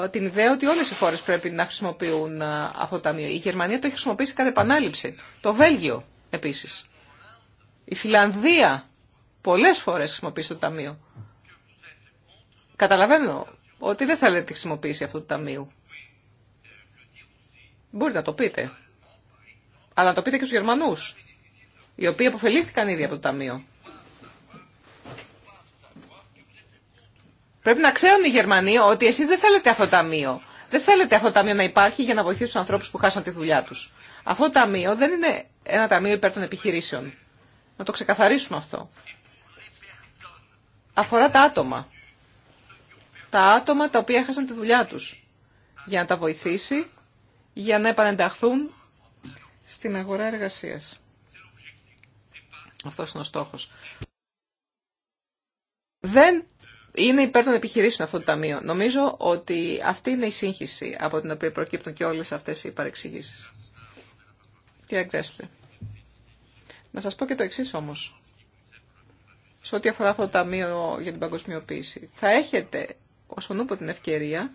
ε, την ιδέα ότι όλες οι χώρες πρέπει να χρησιμοποιούν ε, αυτό το ταμείο. Η Γερμανία το έχει χρησιμοποιήσει κατά επανάληψη. Το Βέλγιο επίσης. Η Φιλανδία πολλές φορές χρησιμοποιήσει το ταμείο. Καταλαβαίνω ότι δεν θέλετε τη χρησιμοποίηση αυτό το ταμείου. Μπορείτε να το πείτε. Αλλά να το πείτε και στους Γερμανούς, οι οποίοι αποφελήθηκαν ήδη από το Ταμείο. Πρέπει να ξέρουν οι Γερμανοί ότι εσείς δεν θέλετε αυτό το Ταμείο. Δεν θέλετε αυτό το Ταμείο να υπάρχει για να βοηθήσει τους ανθρώπους που χάσαν τη δουλειά τους. Αυτό το Ταμείο δεν είναι ένα Ταμείο υπέρ των επιχειρήσεων. Να το ξεκαθαρίσουμε αυτό. Αφορά τα άτομα. Τα άτομα τα οποία έχασαν τη δουλειά τους. Για να τα βοηθήσει για να επανενταχθούν στην αγορά εργασίας. Αυτός είναι ο στόχος. Δεν είναι υπέρ των επιχειρήσεων αυτό το ταμείο. Νομίζω ότι αυτή είναι η σύγχυση από την οποία προκύπτουν και όλες αυτές οι παρεξηγήσεις. Τι Γκρέσλε, να σας πω και το εξή όμως. Σε ό,τι αφορά αυτό το ταμείο για την παγκοσμιοποίηση. Θα έχετε, όσον ονούπο την ευκαιρία,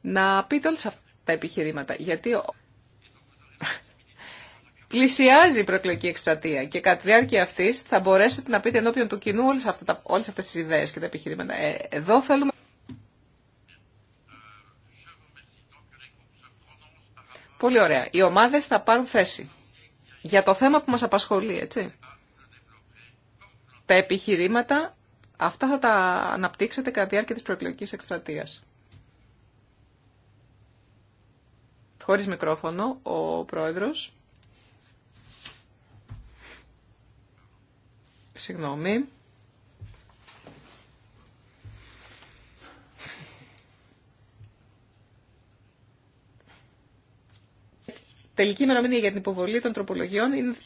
να πείτε όλες αυτές τα επιχειρήματα. Γιατί πλησιάζει η προεκλογική εκστρατεία και κατά τη διάρκεια αυτή θα μπορέσετε να πείτε ενώπιον του κοινού όλε αυτέ τα, ιδέε αυτές και τα επιχειρήματα. Ε, εδώ θέλουμε... Πολύ ωραία. Οι ομάδες θα πάρουν θέση για το θέμα που μας απασχολεί, έτσι. Τα επιχειρήματα, αυτά θα τα αναπτύξετε κατά τη διάρκεια της προεκλογικής εκστρατείας. χωρίς μικρόφωνο ο πρόεδρος. Συγγνώμη. Τελική ημερομηνία για την υποβολή των τροπολογιών είναι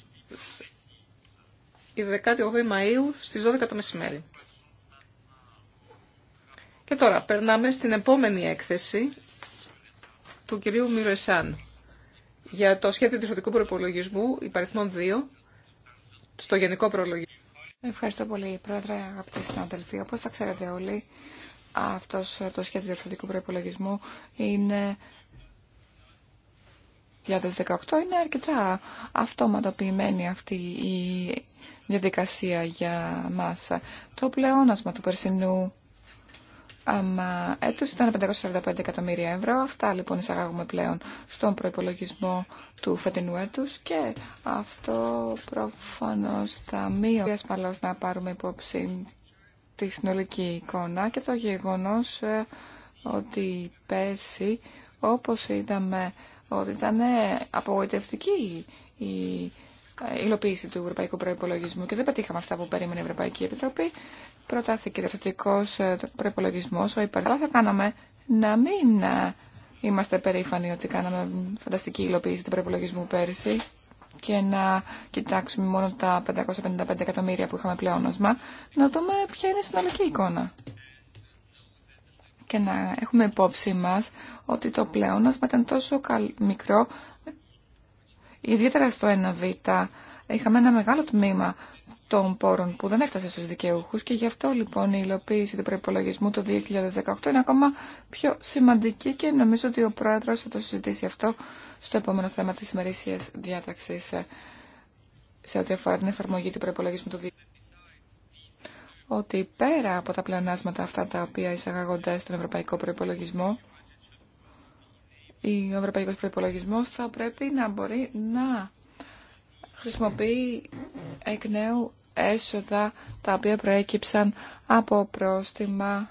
η 18 Μαΐου στις 12 το μεσημέρι. Και τώρα περνάμε στην επόμενη έκθεση του κυρίου Μιρεσάν για το σχέδιο διορθωτικού προπολογισμού υπαριθμών 2 στο γενικό προλογισμό. Ευχαριστώ πολύ, Πρόεδρε, αγαπητοί συναδελφοί. Όπω θα ξέρετε όλοι, αυτό ε, το σχέδιο διορθωτικού προπολογισμού είναι. 2018 είναι αρκετά αυτοματοποιημένη αυτή η διαδικασία για μας. Το πλεόνασμα του περσινού Αμα έτος ήταν 545 εκατομμύρια ευρώ. Αυτά λοιπόν εισαγάγουμε πλέον στον προϋπολογισμό του φετινού έτους και αυτό προφανώς θα μείωσε ασφαλώς να πάρουμε υπόψη τη συνολική εικόνα και το γεγονός ε, ότι πέρσι όπως είδαμε ότι ήταν ε, απογοητευτική η ε, υλοποίηση του ευρωπαϊκού προϋπολογισμού και δεν πετύχαμε αυτά που περίμενε η Ευρωπαϊκή Επιτροπή προτάθηκε ταυτοτικός ε, προπολογισμό, ο υπαρχά θα κάναμε να μην ε, είμαστε περήφανοι ότι κάναμε φανταστική υλοποίηση του προπολογισμού πέρσι και να κοιτάξουμε μόνο τα 555 εκατομμύρια που είχαμε πλεόνασμα, να δούμε ποια είναι η συνολική εικόνα. Και να έχουμε υπόψη μας ότι το πλεόνασμα ήταν τόσο μικρό, ιδιαίτερα στο 1β, είχαμε ένα μεγάλο τμήμα των πόρων που δεν έφτασε στους δικαιούχους και γι' αυτό λοιπόν η υλοποίηση του προϋπολογισμού το 2018 είναι ακόμα πιο σημαντική και νομίζω ότι ο Πρόεδρος θα το συζητήσει αυτό στο επόμενο θέμα της ημερήσιας διάταξης ε, σε ό,τι αφορά την εφαρμογή του προϋπολογισμού του 2018 ότι πέρα από τα πλανάσματα αυτά τα οποία εισαγαγόνται στον ευρωπαϊκό προϋπολογισμό, ο ευρωπαϊκός προϋπολογισμός θα πρέπει να μπορεί να χρησιμοποιεί εκ νέου έσοδα τα οποία προέκυψαν από πρόστιμα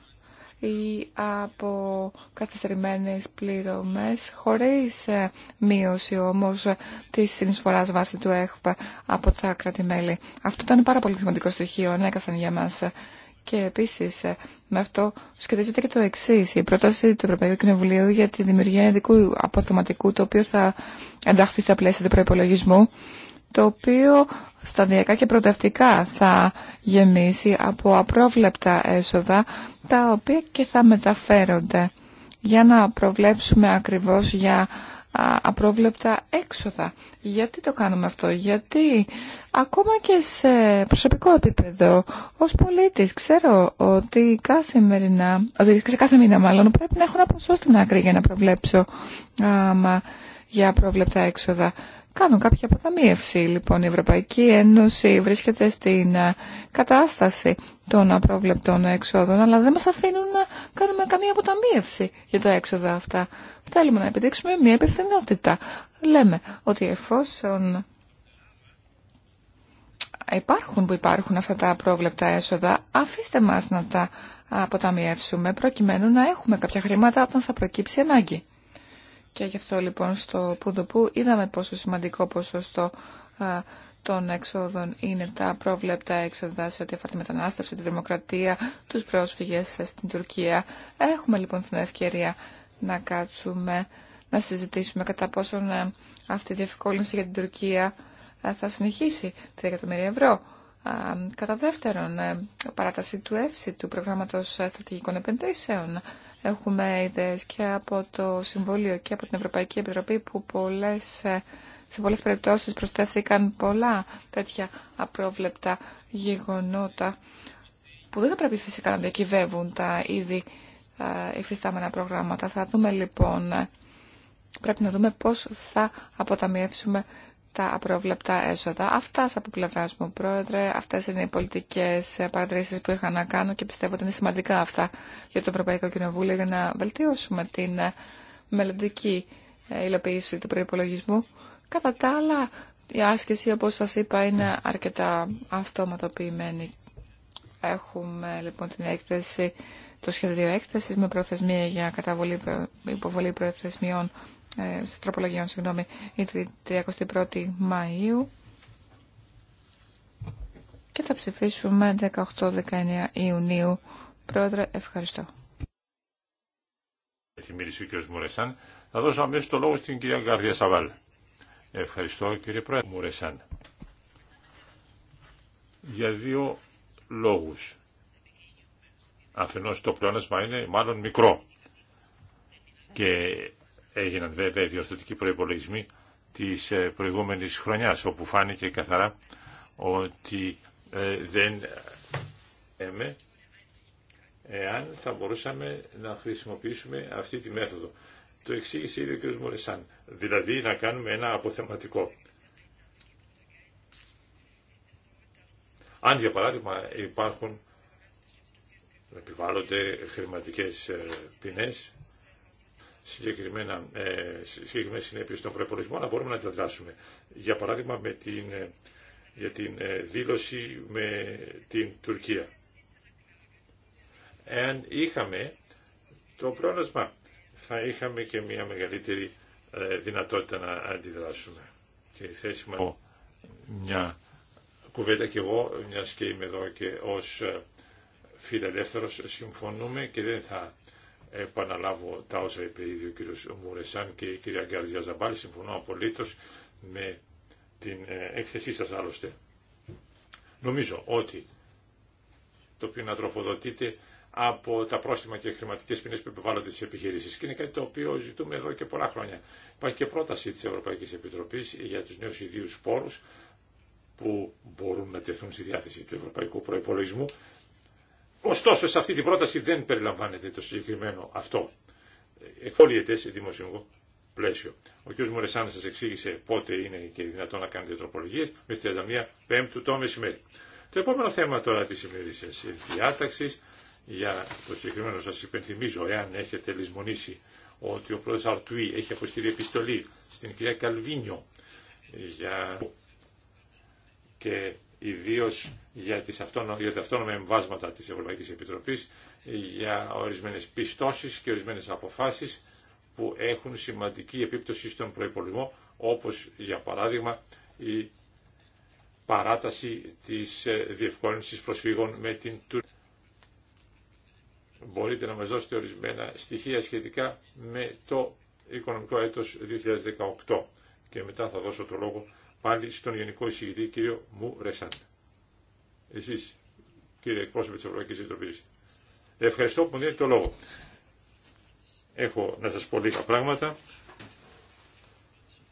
ή από καθυστερημένες πληρωμές χωρίς ε, μείωση όμως της συνεισφοράς βάση του ΕΧΠ από τα κράτη-μέλη. Αυτό ήταν πάρα πολύ σημαντικό στοιχείο, ανέκαθεν ναι, για μας. Και επίσης ε, με αυτό σχετίζεται και το εξή. η πρόταση του Ευρωπαϊκού Κοινοβουλίου για τη δημιουργία ειδικού αποθεματικού το οποίο θα ενταχθεί στα πλαίσια του προπολογισμού το οποίο σταδιακά και πρωτευτικά θα γεμίσει από απρόβλεπτα έσοδα, τα οποία και θα μεταφέρονται για να προβλέψουμε ακριβώς για απρόβλεπτα έξοδα. Γιατί το κάνουμε αυτό, γιατί ακόμα και σε προσωπικό επίπεδο ως πολίτης ξέρω ότι κάθε ότι σε κάθε μήνα μάλλον πρέπει να έχω ένα ποσό στην άκρη για να προβλέψω για απρόβλεπτα έξοδα κάνουν κάποια αποταμίευση. Λοιπόν, η Ευρωπαϊκή Ένωση βρίσκεται στην ε, κατάσταση των απρόβλεπτων έξοδων, αλλά δεν μας αφήνουν να κάνουμε καμία αποταμίευση για τα έξοδα αυτά. Θέλουμε να επιδείξουμε μια επιθυμιότητα. Λέμε ότι εφόσον υπάρχουν που υπάρχουν αυτά τα απρόβλεπτα έσοδα, αφήστε μας να τα αποταμιεύσουμε προκειμένου να έχουμε κάποια χρήματα όταν θα προκύψει ανάγκη. Και γι' αυτό λοιπόν στο Πουδοπού είδαμε πόσο σημαντικό ποσοστό ε, των έξοδων είναι τα πρόβλεπτα έξοδα σε ό,τι αφορά τη μετανάστευση, τη δημοκρατία, τους πρόσφυγες ε, στην Τουρκία. Έχουμε λοιπόν την ευκαιρία να κάτσουμε, να συζητήσουμε κατά πόσον ε, αυτή η διευκόλυνση για την Τουρκία θα συνεχίσει 3 εκατομμύρια ευρώ. Κατά δεύτερον, παράταση του ΕΦΣΙ, του Προγράμματος Στρατηγικών Επενδύσεων, Έχουμε ιδέες και από το Συμβούλιο και από την Ευρωπαϊκή Επιτροπή που πολλές, σε πολλές περιπτώσεις προσθέθηκαν πολλά τέτοια απρόβλεπτα γεγονότα που δεν θα πρέπει φυσικά να διακυβεύουν τα ήδη υφιστάμενα προγράμματα. Θα δούμε λοιπόν, πρέπει να δούμε πώς θα αποταμιεύσουμε τα απρόβλεπτα έσοδα. Αυτά από πλευρά μου, Πρόεδρε. Αυτέ είναι οι πολιτικέ παρατηρήσει που είχα να κάνω και πιστεύω ότι είναι σημαντικά αυτά για το Ευρωπαϊκό Κοινοβούλιο για να βελτιώσουμε την ε, μελλοντική ε, υλοποίηση του προπολογισμού. Κατά τα άλλα, η άσκηση, όπω σα είπα, είναι αρκετά αυτοματοποιημένη. Έχουμε λοιπόν την έκθεση, το σχέδιο έκθεση με προθεσμία για καταβολή, υποβολή προθεσμιών ε, τροπολογιών, συγγνώμη, η 31η Μαΐου και θα ψηφίσουμε 18-19 Ιουνίου. Πρόεδρε, ευχαριστώ. Έχει μιλήσει ο κ. Μουρεσάν. Θα δώσω αμέσως το λόγο στην κυρία Γκάρδια Σαβάλ. Ευχαριστώ κύριε Πρόεδρε Μουρεσάν. Για δύο λόγους. Αφενός το πλεόνασμα είναι μάλλον μικρό και έγιναν βέβαια οι διορθωτικοί προϋπολογισμοί της ε, προηγούμενης χρονιάς, όπου φάνηκε καθαρά ότι ε, δεν έμε εάν θα μπορούσαμε να χρησιμοποιήσουμε αυτή τη μέθοδο. Το εξήγησε ήδη ο κ. Μωρισάν, δηλαδή να κάνουμε ένα αποθεματικό. Αν για παράδειγμα υπάρχουν επιβάλλονται χρηματικές ε, ποινές συγκεκριμένα, ε, συγκεκριμένες στον να μπορούμε να αντιδράσουμε. Για παράδειγμα, με την, ε, για την ε, δήλωση με την Τουρκία. Εάν είχαμε το πρόνοσμα θα είχαμε και μια μεγαλύτερη ε, δυνατότητα να αντιδράσουμε. Και η θέση μας... Μια κουβέντα και εγώ, μιας και είμαι εδώ και ως φιλελεύθερος, συμφωνούμε και δεν θα επαναλάβω τα όσα είπε ήδη ο κύριος Μουρεσάν και η κυρία Γκαρδιά Ζαμπάλη. Συμφωνώ απολύτως με την ε, έκθεσή σας άλλωστε. Νομίζω ότι το οποίο να τροφοδοτείται από τα πρόστιμα και χρηματικέ ποινέ που επιβάλλονται στι επιχειρήσει. Και είναι κάτι το οποίο ζητούμε εδώ και πολλά χρόνια. Υπάρχει και πρόταση τη Ευρωπαϊκή Επιτροπή για του νέου ιδίου πόρου που μπορούν να τεθούν στη διάθεση του ευρωπαϊκού προπολογισμού Ωστόσο σε αυτή την πρόταση δεν περιλαμβάνεται το συγκεκριμένο αυτό. Εκφόλιεται σε δημοσιογικό πλαίσιο. Ο κ. Μουρεσάν σα εξήγησε πότε είναι και δυνατόν να κάνετε τροπολογίε με 31 Πέμπτου το μεσημέρι. Το επόμενο θέμα τώρα τη ημερήσια διάταξη για το συγκεκριμένο σα υπενθυμίζω εάν έχετε λησμονήσει ότι ο πρόεδρο Αρτουή έχει αποστείλει επιστολή στην κυρία Καλβίνιο για ιδίω για, για τα αυτόνομα εμβάσματα της Ευρωπαϊκής Επιτροπής, για ορισμένες πιστώσεις και ορισμένες αποφάσεις που έχουν σημαντική επίπτωση στον προϋπολογισμό, όπως για παράδειγμα η παράταση της ε, διευκόλυνσης προσφύγων με την Τουρκία. Μπορείτε να μας δώσετε ορισμένα στοιχεία σχετικά με το οικονομικό έτος 2018 και μετά θα δώσω το λόγο πάλι στον Γενικό Εισηγητή κύριο Μου Ρεσάν. Εσεί, κύριε εκπρόσωπε τη ευρωπαϊκή Επιτροπή. Ευχαριστώ που μου δίνετε το λόγο. Έχω να σας πω λίγα πράγματα.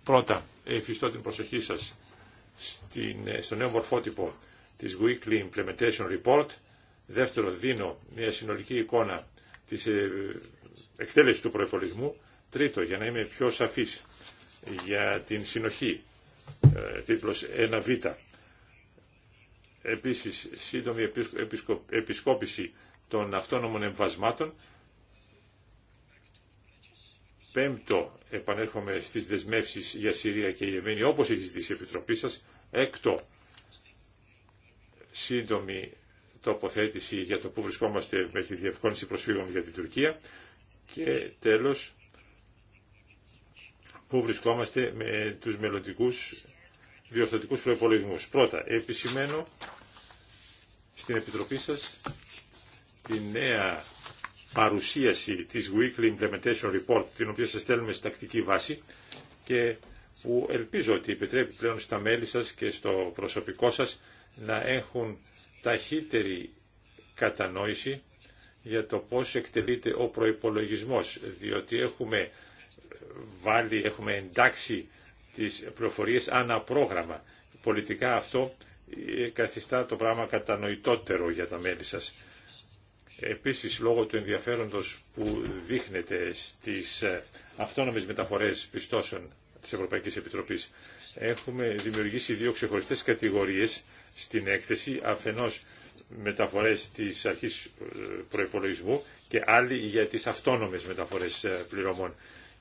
Πρώτα, εφιστώ την προσοχή σας στο νέο μορφότυπο της Weekly Implementation Report. Δεύτερο, δίνω μια συνολική εικόνα της ε, εκτέλεσης του προϋπολισμού. Τρίτο, για να είμαι πιο σαφή για την συνοχή ε, τίτλος 1β. Επίσης, σύντομη επισκόπηση των αυτόνομων εμβασμάτων. Πέμπτο, επανέρχομαι στις δεσμεύσεις για Συρία και Ιεμένη, όπως έχει ζητήσει η Επιτροπή σας. Έκτο, σύντομη τοποθέτηση για το που βρισκόμαστε με τη διευκόνηση προσφύγων για την Τουρκία. Και τέλος, πού βρισκόμαστε με τους μελλοντικού διορθωτικούς προϋπολογισμούς. Πρώτα, επισημαίνω στην Επιτροπή σας τη νέα παρουσίαση της Weekly Implementation Report, την οποία σας στέλνουμε στη τακτική βάση και που ελπίζω ότι επιτρέπει πλέον στα μέλη σας και στο προσωπικό σας να έχουν ταχύτερη κατανόηση για το πώς εκτελείται ο προϋπολογισμός, διότι έχουμε βάλει, έχουμε εντάξει τις πληροφορίες ανά πρόγραμμα. Πολιτικά αυτό ε, καθιστά το πράγμα κατανοητότερο για τα μέλη σας. Επίσης, λόγω του ενδιαφέροντος που δείχνεται στις ε, αυτόνομες μεταφορές πιστώσεων της Ευρωπαϊκής Επιτροπής, έχουμε δημιουργήσει δύο ξεχωριστές κατηγορίες στην έκθεση, αφενός μεταφορές της αρχής ε, προϋπολογισμού και άλλη για τις αυτόνομες μεταφορές πληρωμών.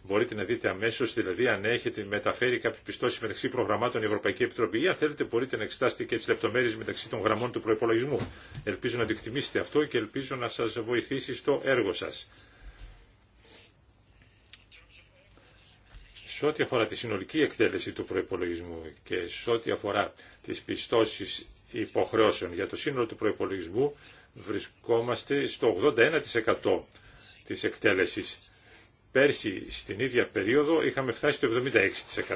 Μπορείτε να δείτε αμέσω δηλαδή αν έχετε μεταφέρει κάποια πιστώση μεταξύ προγραμμάτων η Ευρωπαϊκή Επιτροπή ή αν θέλετε μπορείτε να εξετάσετε και τι λεπτομέρειε μεταξύ των γραμμών του προπολογισμού. Ελπίζω να διεκτιμήσετε αυτό και ελπίζω να σα βοηθήσει στο έργο σα. Σε ό,τι αφορά τη συνολική εκτέλεση του προπολογισμού και σε ό,τι αφορά τι πιστώσει υποχρεώσεων για το σύνολο του προπολογισμού βρισκόμαστε στο 81% της εκτέλεσης Πέρσι στην ίδια περίοδο είχαμε φτάσει το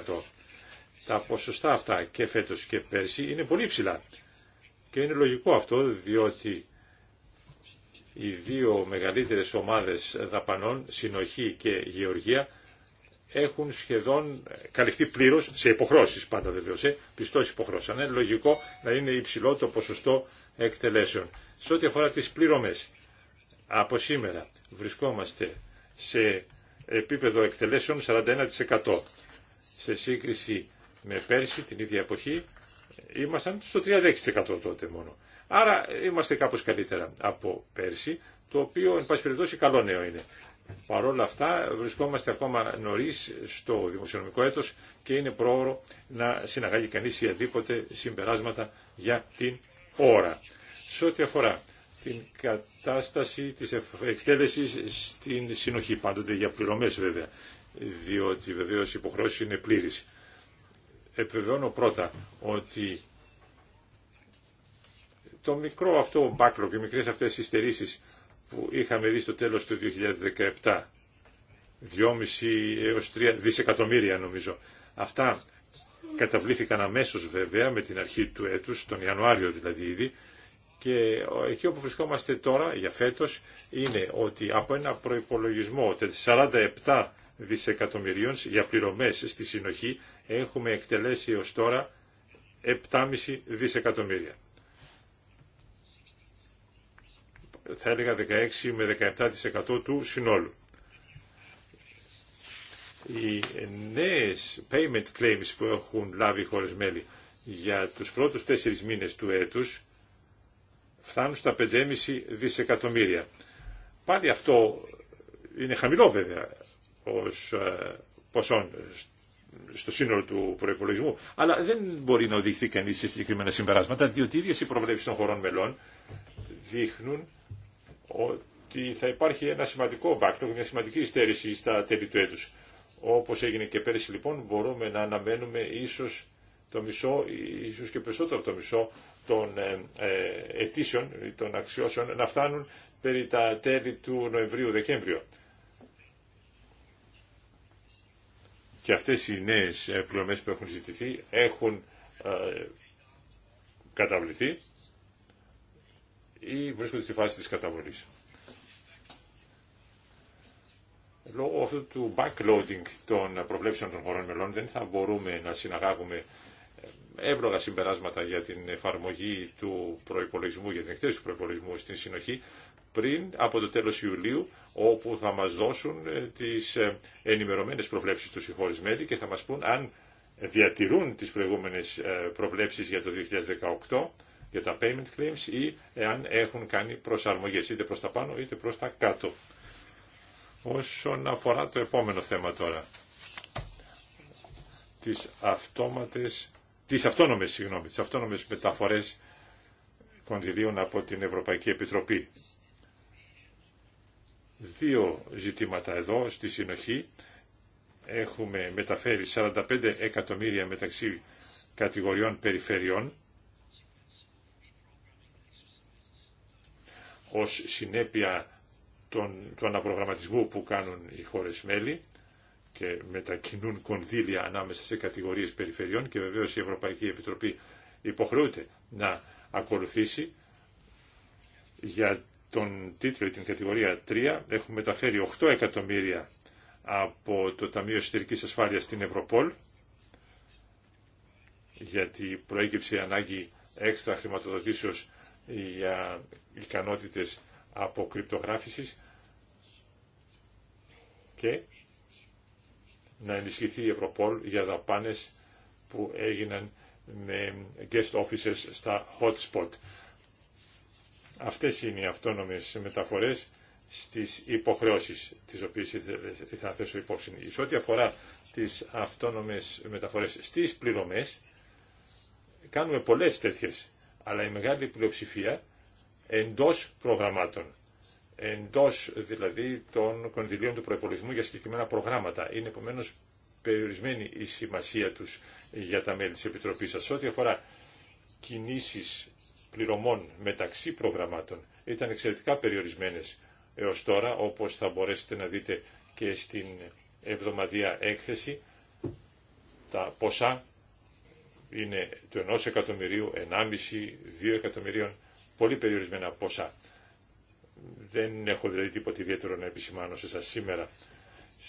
76%. Τα ποσοστά αυτά και φέτος και πέρσι είναι πολύ ψηλά. Και είναι λογικό αυτό διότι οι δύο μεγαλύτερες ομάδες δαπανών, συνοχή και γεωργία, έχουν σχεδόν καλυφθεί πλήρω σε υποχρώσει πάντα βεβαίω, ε, πιστό υποχρώσαν. Είναι λογικό να είναι υψηλό το ποσοστό εκτελέσεων. Σε ό,τι αφορά τι πληρωμέ, από σήμερα βρισκόμαστε σε επίπεδο εκτελέσεων 41%. Σε σύγκριση με πέρσι την ίδια εποχή ήμασταν στο 36% τότε μόνο. Άρα είμαστε κάπως καλύτερα από πέρσι, το οποίο εν πάση περιπτώσει καλό νέο είναι. Παρ' όλα αυτά βρισκόμαστε ακόμα νωρί στο δημοσιονομικό έτος και είναι πρόωρο να συναγάγει κανείς αντίποτε συμπεράσματα για την ώρα. Σε ό,τι αφορά την κατάσταση της εκτέλεσης στην συνοχή, πάντοτε για πληρωμές βέβαια, διότι βεβαίω οι υποχρεώση είναι πλήρης. Επιβεβαιώνω πρώτα ότι το μικρό αυτό και οι μικρές αυτές στερήσεις που είχαμε δει στο τέλος του 2017, 2,5 έως 3 δισεκατομμύρια νομίζω, αυτά καταβλήθηκαν αμέσως βέβαια με την αρχή του έτους, τον Ιανουάριο δηλαδή ήδη, και εκεί όπου βρισκόμαστε τώρα για φέτος είναι ότι από ένα προϋπολογισμό 47 δισεκατομμυρίων για πληρωμές στη συνοχή έχουμε εκτελέσει ως τώρα 7,5 δισεκατομμύρια. Θα έλεγα 16 με 17% του συνόλου. Οι νέες payment claims που έχουν λάβει οι χώρες μέλη για τους πρώτους τέσσερις μήνες του έτους φτάνουν στα 5,5 δισεκατομμύρια. Πάλι αυτό είναι χαμηλό βέβαια ως ε, ποσόν στο σύνολο του προπολογισμού, αλλά δεν μπορεί να οδηγηθεί κανείς σε συγκεκριμένα συμπεράσματα, διότι οι ίδιες οι προβλέψεις των χωρών μελών δείχνουν ότι θα υπάρχει ένα σημαντικό backlog, μια σημαντική υστέρηση στα τέλη του έτους. Όπως έγινε και πέρυσι λοιπόν μπορούμε να αναμένουμε ίσως το μισό, ίσως και περισσότερο από το μισό των ε, ε, αιτήσεων, των αξιώσεων να φτάνουν περί τα τέλη του Νοεμβρίου-Δεκέμβριο. Και αυτές οι νέες ε, πληρωμές που έχουν ζητηθεί έχουν καταβληθεί ή βρίσκονται στη φάση της καταβολής. Λόγω αυτού του backloading των προβλέψεων των χωρών μελών δεν θα μπορούμε να συναγάγουμε εύλογα συμπεράσματα για την εφαρμογή του προϋπολογισμού, για την εκτέλεση του προϋπολογισμού στην συνοχή πριν από το τέλος Ιουλίου, όπου θα μας δώσουν ε, τις ε, ενημερωμένες προβλέψεις του μέλη και θα μας πούν αν διατηρούν τις προηγούμενες ε, προβλέψεις για το 2018 για τα payment claims ή αν έχουν κάνει προσαρμογές είτε προς τα πάνω είτε προς τα κάτω. Όσον αφορά το επόμενο θέμα τώρα, τις αυτόματες τις αυτόνομες, συγγνώμη, τις αυτόνομες μεταφορές κονδυλίων από την Ευρωπαϊκή Επιτροπή. Δύο ζητήματα εδώ στη συνοχή. Έχουμε μεταφέρει 45 εκατομμύρια μεταξύ κατηγοριών περιφερειών ως συνέπεια των, του αναπρογραμματισμού που κάνουν οι χώρες μέλη και μετακινούν κονδύλια ανάμεσα σε κατηγορίες περιφερειών και βεβαίως η Ευρωπαϊκή Επιτροπή υποχρεούται να ακολουθήσει. Για τον τίτλο ή την κατηγορία 3 έχουμε μεταφέρει 8 εκατομμύρια από το Ταμείο Εσωτερικής Ασφάλειας στην Ευρωπόλ γιατί προέκυψε η την κατηγορια 3 εχουν μεταφερει 8 εκατομμυρια απο το ταμειο στηρικης ασφαλειας στην ευρωπολ χρηματοδοτήσεως για ικανότητες αποκρυπτογράφησης και να ενισχυθεί η Ευρωπόλ για δαπάνες που έγιναν με guest offices στα hot spot. Αυτές είναι οι αυτόνομες μεταφορές στις υποχρεώσεις τις οποίες θα θέσω υπόψη. Σε ό,τι αφορά τις αυτόνομες μεταφορές στις πληρωμές, κάνουμε πολλές τέτοιες, αλλά η μεγάλη πλειοψηφία εντός προγραμμάτων εντός δηλαδή των κονδυλίων του προπολογισμού για συγκεκριμένα προγράμματα. Είναι επομένως περιορισμένη η σημασία τους για τα μέλη της Επιτροπής σας. Ό,τι αφορά κινήσεις πληρωμών μεταξύ προγραμμάτων ήταν εξαιρετικά περιορισμένες έως τώρα, όπως θα μπορέσετε να δείτε και στην εβδομαδία έκθεση. Τα ποσά είναι του 1 εκατομμυρίου, 1,5, 2 εκατομμυρίων, πολύ περιορισμένα ποσά. Δεν έχω δηλαδή τίποτα ιδιαίτερο να επισημάνω σε σας σήμερα.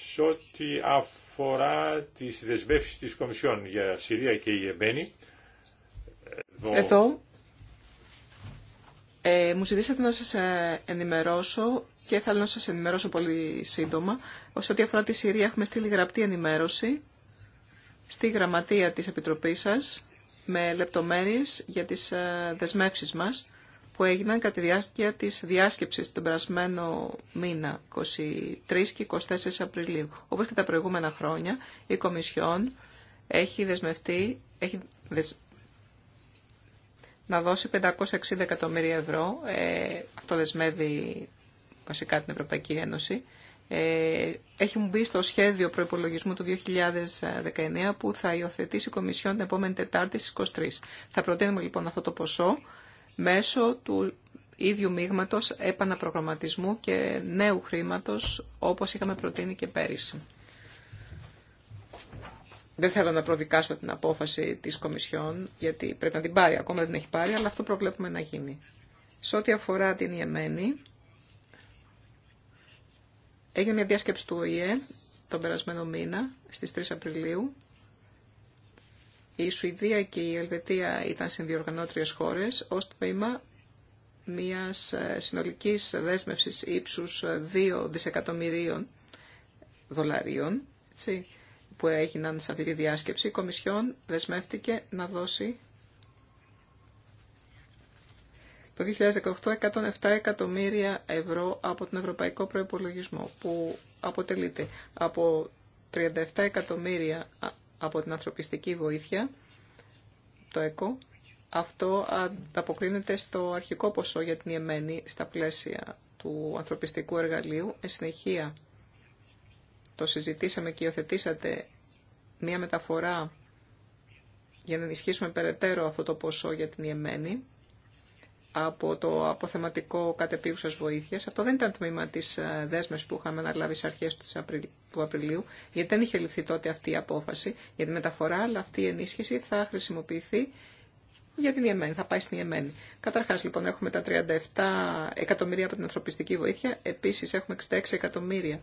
Σε ό,τι αφορά τις δεσμεύσεις της Κομισιόν για Συρία και η Εμπένη, εδώ... ε, μου ζητήσατε να σας ε, ενημερώσω και θέλω να σας ενημερώσω πολύ σύντομα. σε ό,τι αφορά τη Συρία έχουμε στείλει γραπτή ενημέρωση στη γραμματεία της Επιτροπής σας με λεπτομέρειες για τις ε, δεσμεύσεις μας που έγιναν κατά τη διάρκεια τη διάσκεψης τον περασμένο μήνα 23 και 24 Απριλίου. Όπω και τα προηγούμενα χρόνια, η Κομισιόν έχει δεσμευτεί έχει δεσ... να δώσει 560 εκατομμύρια ευρώ, ε, αυτό δεσμεύει βασικά την Ευρωπαϊκή Ένωση, ε, έχει μπει στο σχέδιο προπολογισμού του 2019 που θα υιοθετήσει η Κομισιόν την επόμενη Τετάρτη στις 23. Θα προτείνουμε λοιπόν αυτό το ποσό μέσω του ίδιου μείγματο επαναπρογραμματισμού και νέου χρήματος, όπως είχαμε προτείνει και πέρυσι. Δεν θέλω να προδικάσω την απόφαση της Κομισιόν, γιατί πρέπει να την πάρει, ακόμα δεν την έχει πάρει, αλλά αυτό προβλέπουμε να γίνει. Σε ό,τι αφορά την Ιεμένη, έγινε μια διάσκεψη του ΟΗΕ τον περασμένο μήνα, στις 3 Απριλίου, η Σουηδία και η Ελβετία ήταν συνδιοργανώτριες χώρες ως πήμα μιας ε, συνολικής δέσμευσης ύψους 2 ε, δισεκατομμυρίων δολαρίων έτσι, που έγιναν σε αυτή τη διάσκεψη. Η Κομισιόν δεσμεύτηκε να δώσει το 2018 107 εκατομμύρια ευρώ από τον Ευρωπαϊκό Προϋπολογισμό που αποτελείται από 37 εκατομμύρια από την ανθρωπιστική βοήθεια, το ΕΚΟ, αυτό ανταποκρίνεται στο αρχικό ποσό για την Ιεμένη στα πλαίσια του ανθρωπιστικού εργαλείου. Εν το συζητήσαμε και υιοθετήσατε μία μεταφορά για να ενισχύσουμε περαιτέρω αυτό το ποσό για την Ιεμένη από το αποθεματικό κατεπίγουσα βοήθεια. Αυτό δεν ήταν τμήμα τη ε, δέσμε που είχαμε αναλάβει στι αρχέ του Απριλίου, γιατί δεν είχε ληφθεί τότε αυτή η απόφαση για τη μεταφορά, αλλά αυτή η ενίσχυση θα χρησιμοποιηθεί για την Ιεμένη, θα πάει στην Ιεμένη. Καταρχά, λοιπόν, έχουμε τα 37 εκατομμύρια από την ανθρωπιστική βοήθεια. Επίση, έχουμε 66 εκατομμύρια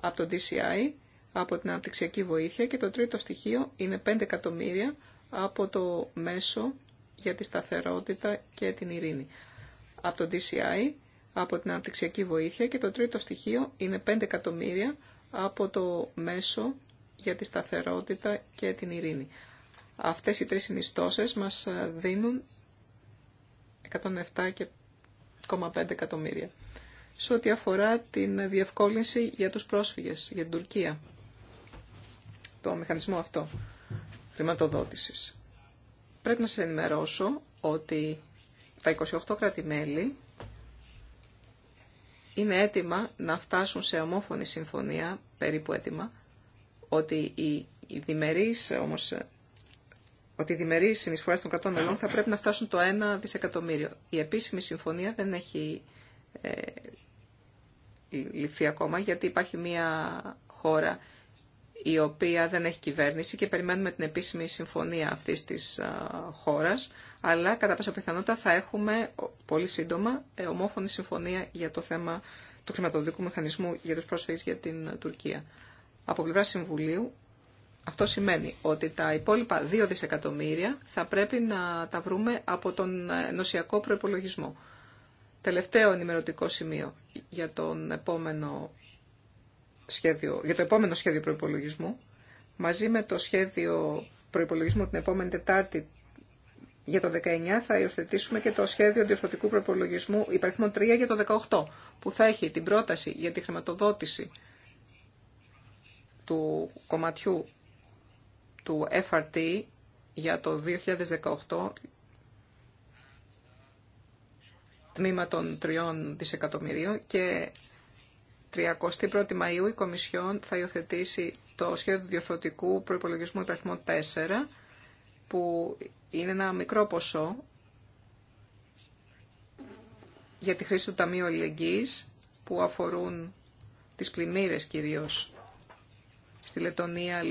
από το DCI, από την αναπτυξιακή βοήθεια. Και το τρίτο στοιχείο είναι 5 εκατομμύρια από το μέσο για τη σταθερότητα και την ειρήνη. Από το DCI, από την αναπτυξιακή βοήθεια και το τρίτο στοιχείο είναι 5 εκατομμύρια από το μέσο για τη σταθερότητα και την ειρήνη. Αυτές οι τρεις συνιστώσεις μας δίνουν 107,5 εκατομμύρια. Σε ό,τι αφορά την διευκόλυνση για τους πρόσφυγες, για την Τουρκία, το μηχανισμό αυτό χρηματοδότησης. Πρέπει να σας ενημερώσω ότι τα 28 κράτη-μέλη είναι έτοιμα να φτάσουν σε ομόφωνη συμφωνία, περίπου έτοιμα, ότι οι, οι διμερείς, όμως, ότι οι διμερείς συνεισφορές των κρατών μελών θα πρέπει να φτάσουν το 1 δισεκατομμύριο. Η επίσημη συμφωνία δεν έχει ε, ληφθεί ακόμα, γιατί υπάρχει μία χώρα η οποία δεν έχει κυβέρνηση και περιμένουμε την επίσημη συμφωνία αυτής της χώρας, αλλά κατά πάσα πιθανότητα θα έχουμε πολύ σύντομα ε, ομόφωνη συμφωνία για το θέμα του χρηματοδοτικού μηχανισμού για τους πρόσφυγες για την ε, Τουρκία. Από πλευρά Συμβουλίου, αυτό σημαίνει ότι τα υπόλοιπα 2 δισεκατομμύρια θα πρέπει να τα βρούμε από τον ενωσιακό προπολογισμό. Τελευταίο ενημερωτικό σημείο για τον επόμενο σχέδιο, για το επόμενο σχέδιο προϋπολογισμού, μαζί με το σχέδιο προϋπολογισμού την επόμενη Τετάρτη για το 19 θα υιοθετήσουμε και το σχέδιο διορθωτικού προϋπολογισμού υπαριθμών 3 για το 18, που θα έχει την πρόταση για τη χρηματοδότηση του κομματιού του FRT για το 2018 τμήμα των 3 δισεκατομμυρίων και 31 Μαΐου η Κομισιόν θα υιοθετήσει το σχέδιο διορθωτικού προϋπολογισμού υπαριθμό 4, που είναι ένα μικρό ποσό για τη χρήση του Ταμείου Αλληλεγγύης, που αφορούν τις πλημμύρες κυρίως στη Λετωνία,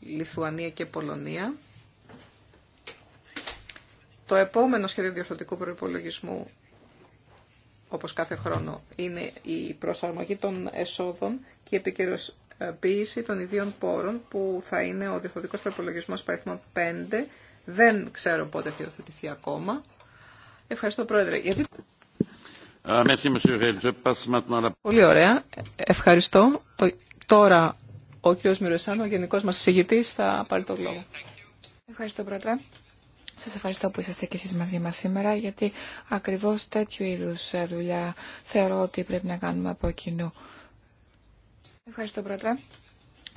Λιθουανία και Πολωνία. Το επόμενο σχέδιο διορθωτικού προϋπολογισμού όπως κάθε χρόνο, είναι η προσαρμογή των εσόδων και η επικαιροποίηση των ιδίων πόρων που θα είναι ο διεθνωτικός προπολογισμός παριθμών 5. Δεν ξέρω πότε θα υιοθετηθεί ακόμα. Ευχαριστώ Πρόεδρε. Γιατί... Πολύ ωραία. Ευχαριστώ. Τώρα ο κ. Μυροσάνο, ο γενικός μας συζητητής, θα πάρει το λόγο. Ευχαριστώ Πρόεδρε. Σας ευχαριστώ που είσαστε και εσείς μαζί μας σήμερα, γιατί ακριβώς τέτοιου είδους ε, δουλειά θεωρώ ότι πρέπει να κάνουμε από κοινού. Ευχαριστώ, Πρόεδρε.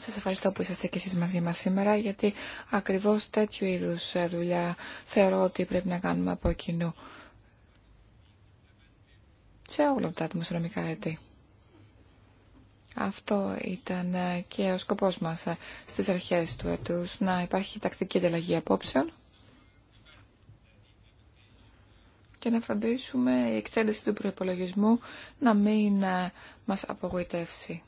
Σας ευχαριστώ που είσαστε και εσείς μαζί μας σήμερα, γιατί ακριβώς τέτοιου είδους ε, δουλειά θεωρώ ότι πρέπει να κάνουμε από κοινού σε όλα τα δημοσιονομικά έτη. Αυτό ήταν ε, και ο σκοπός μας στις αρχές του έτους, να υπάρχει τακτική ανταλλαγή απόψεων και να φροντίσουμε η εκτέλεση του προϋπολογισμού να μην ε, μας απογοητεύσει.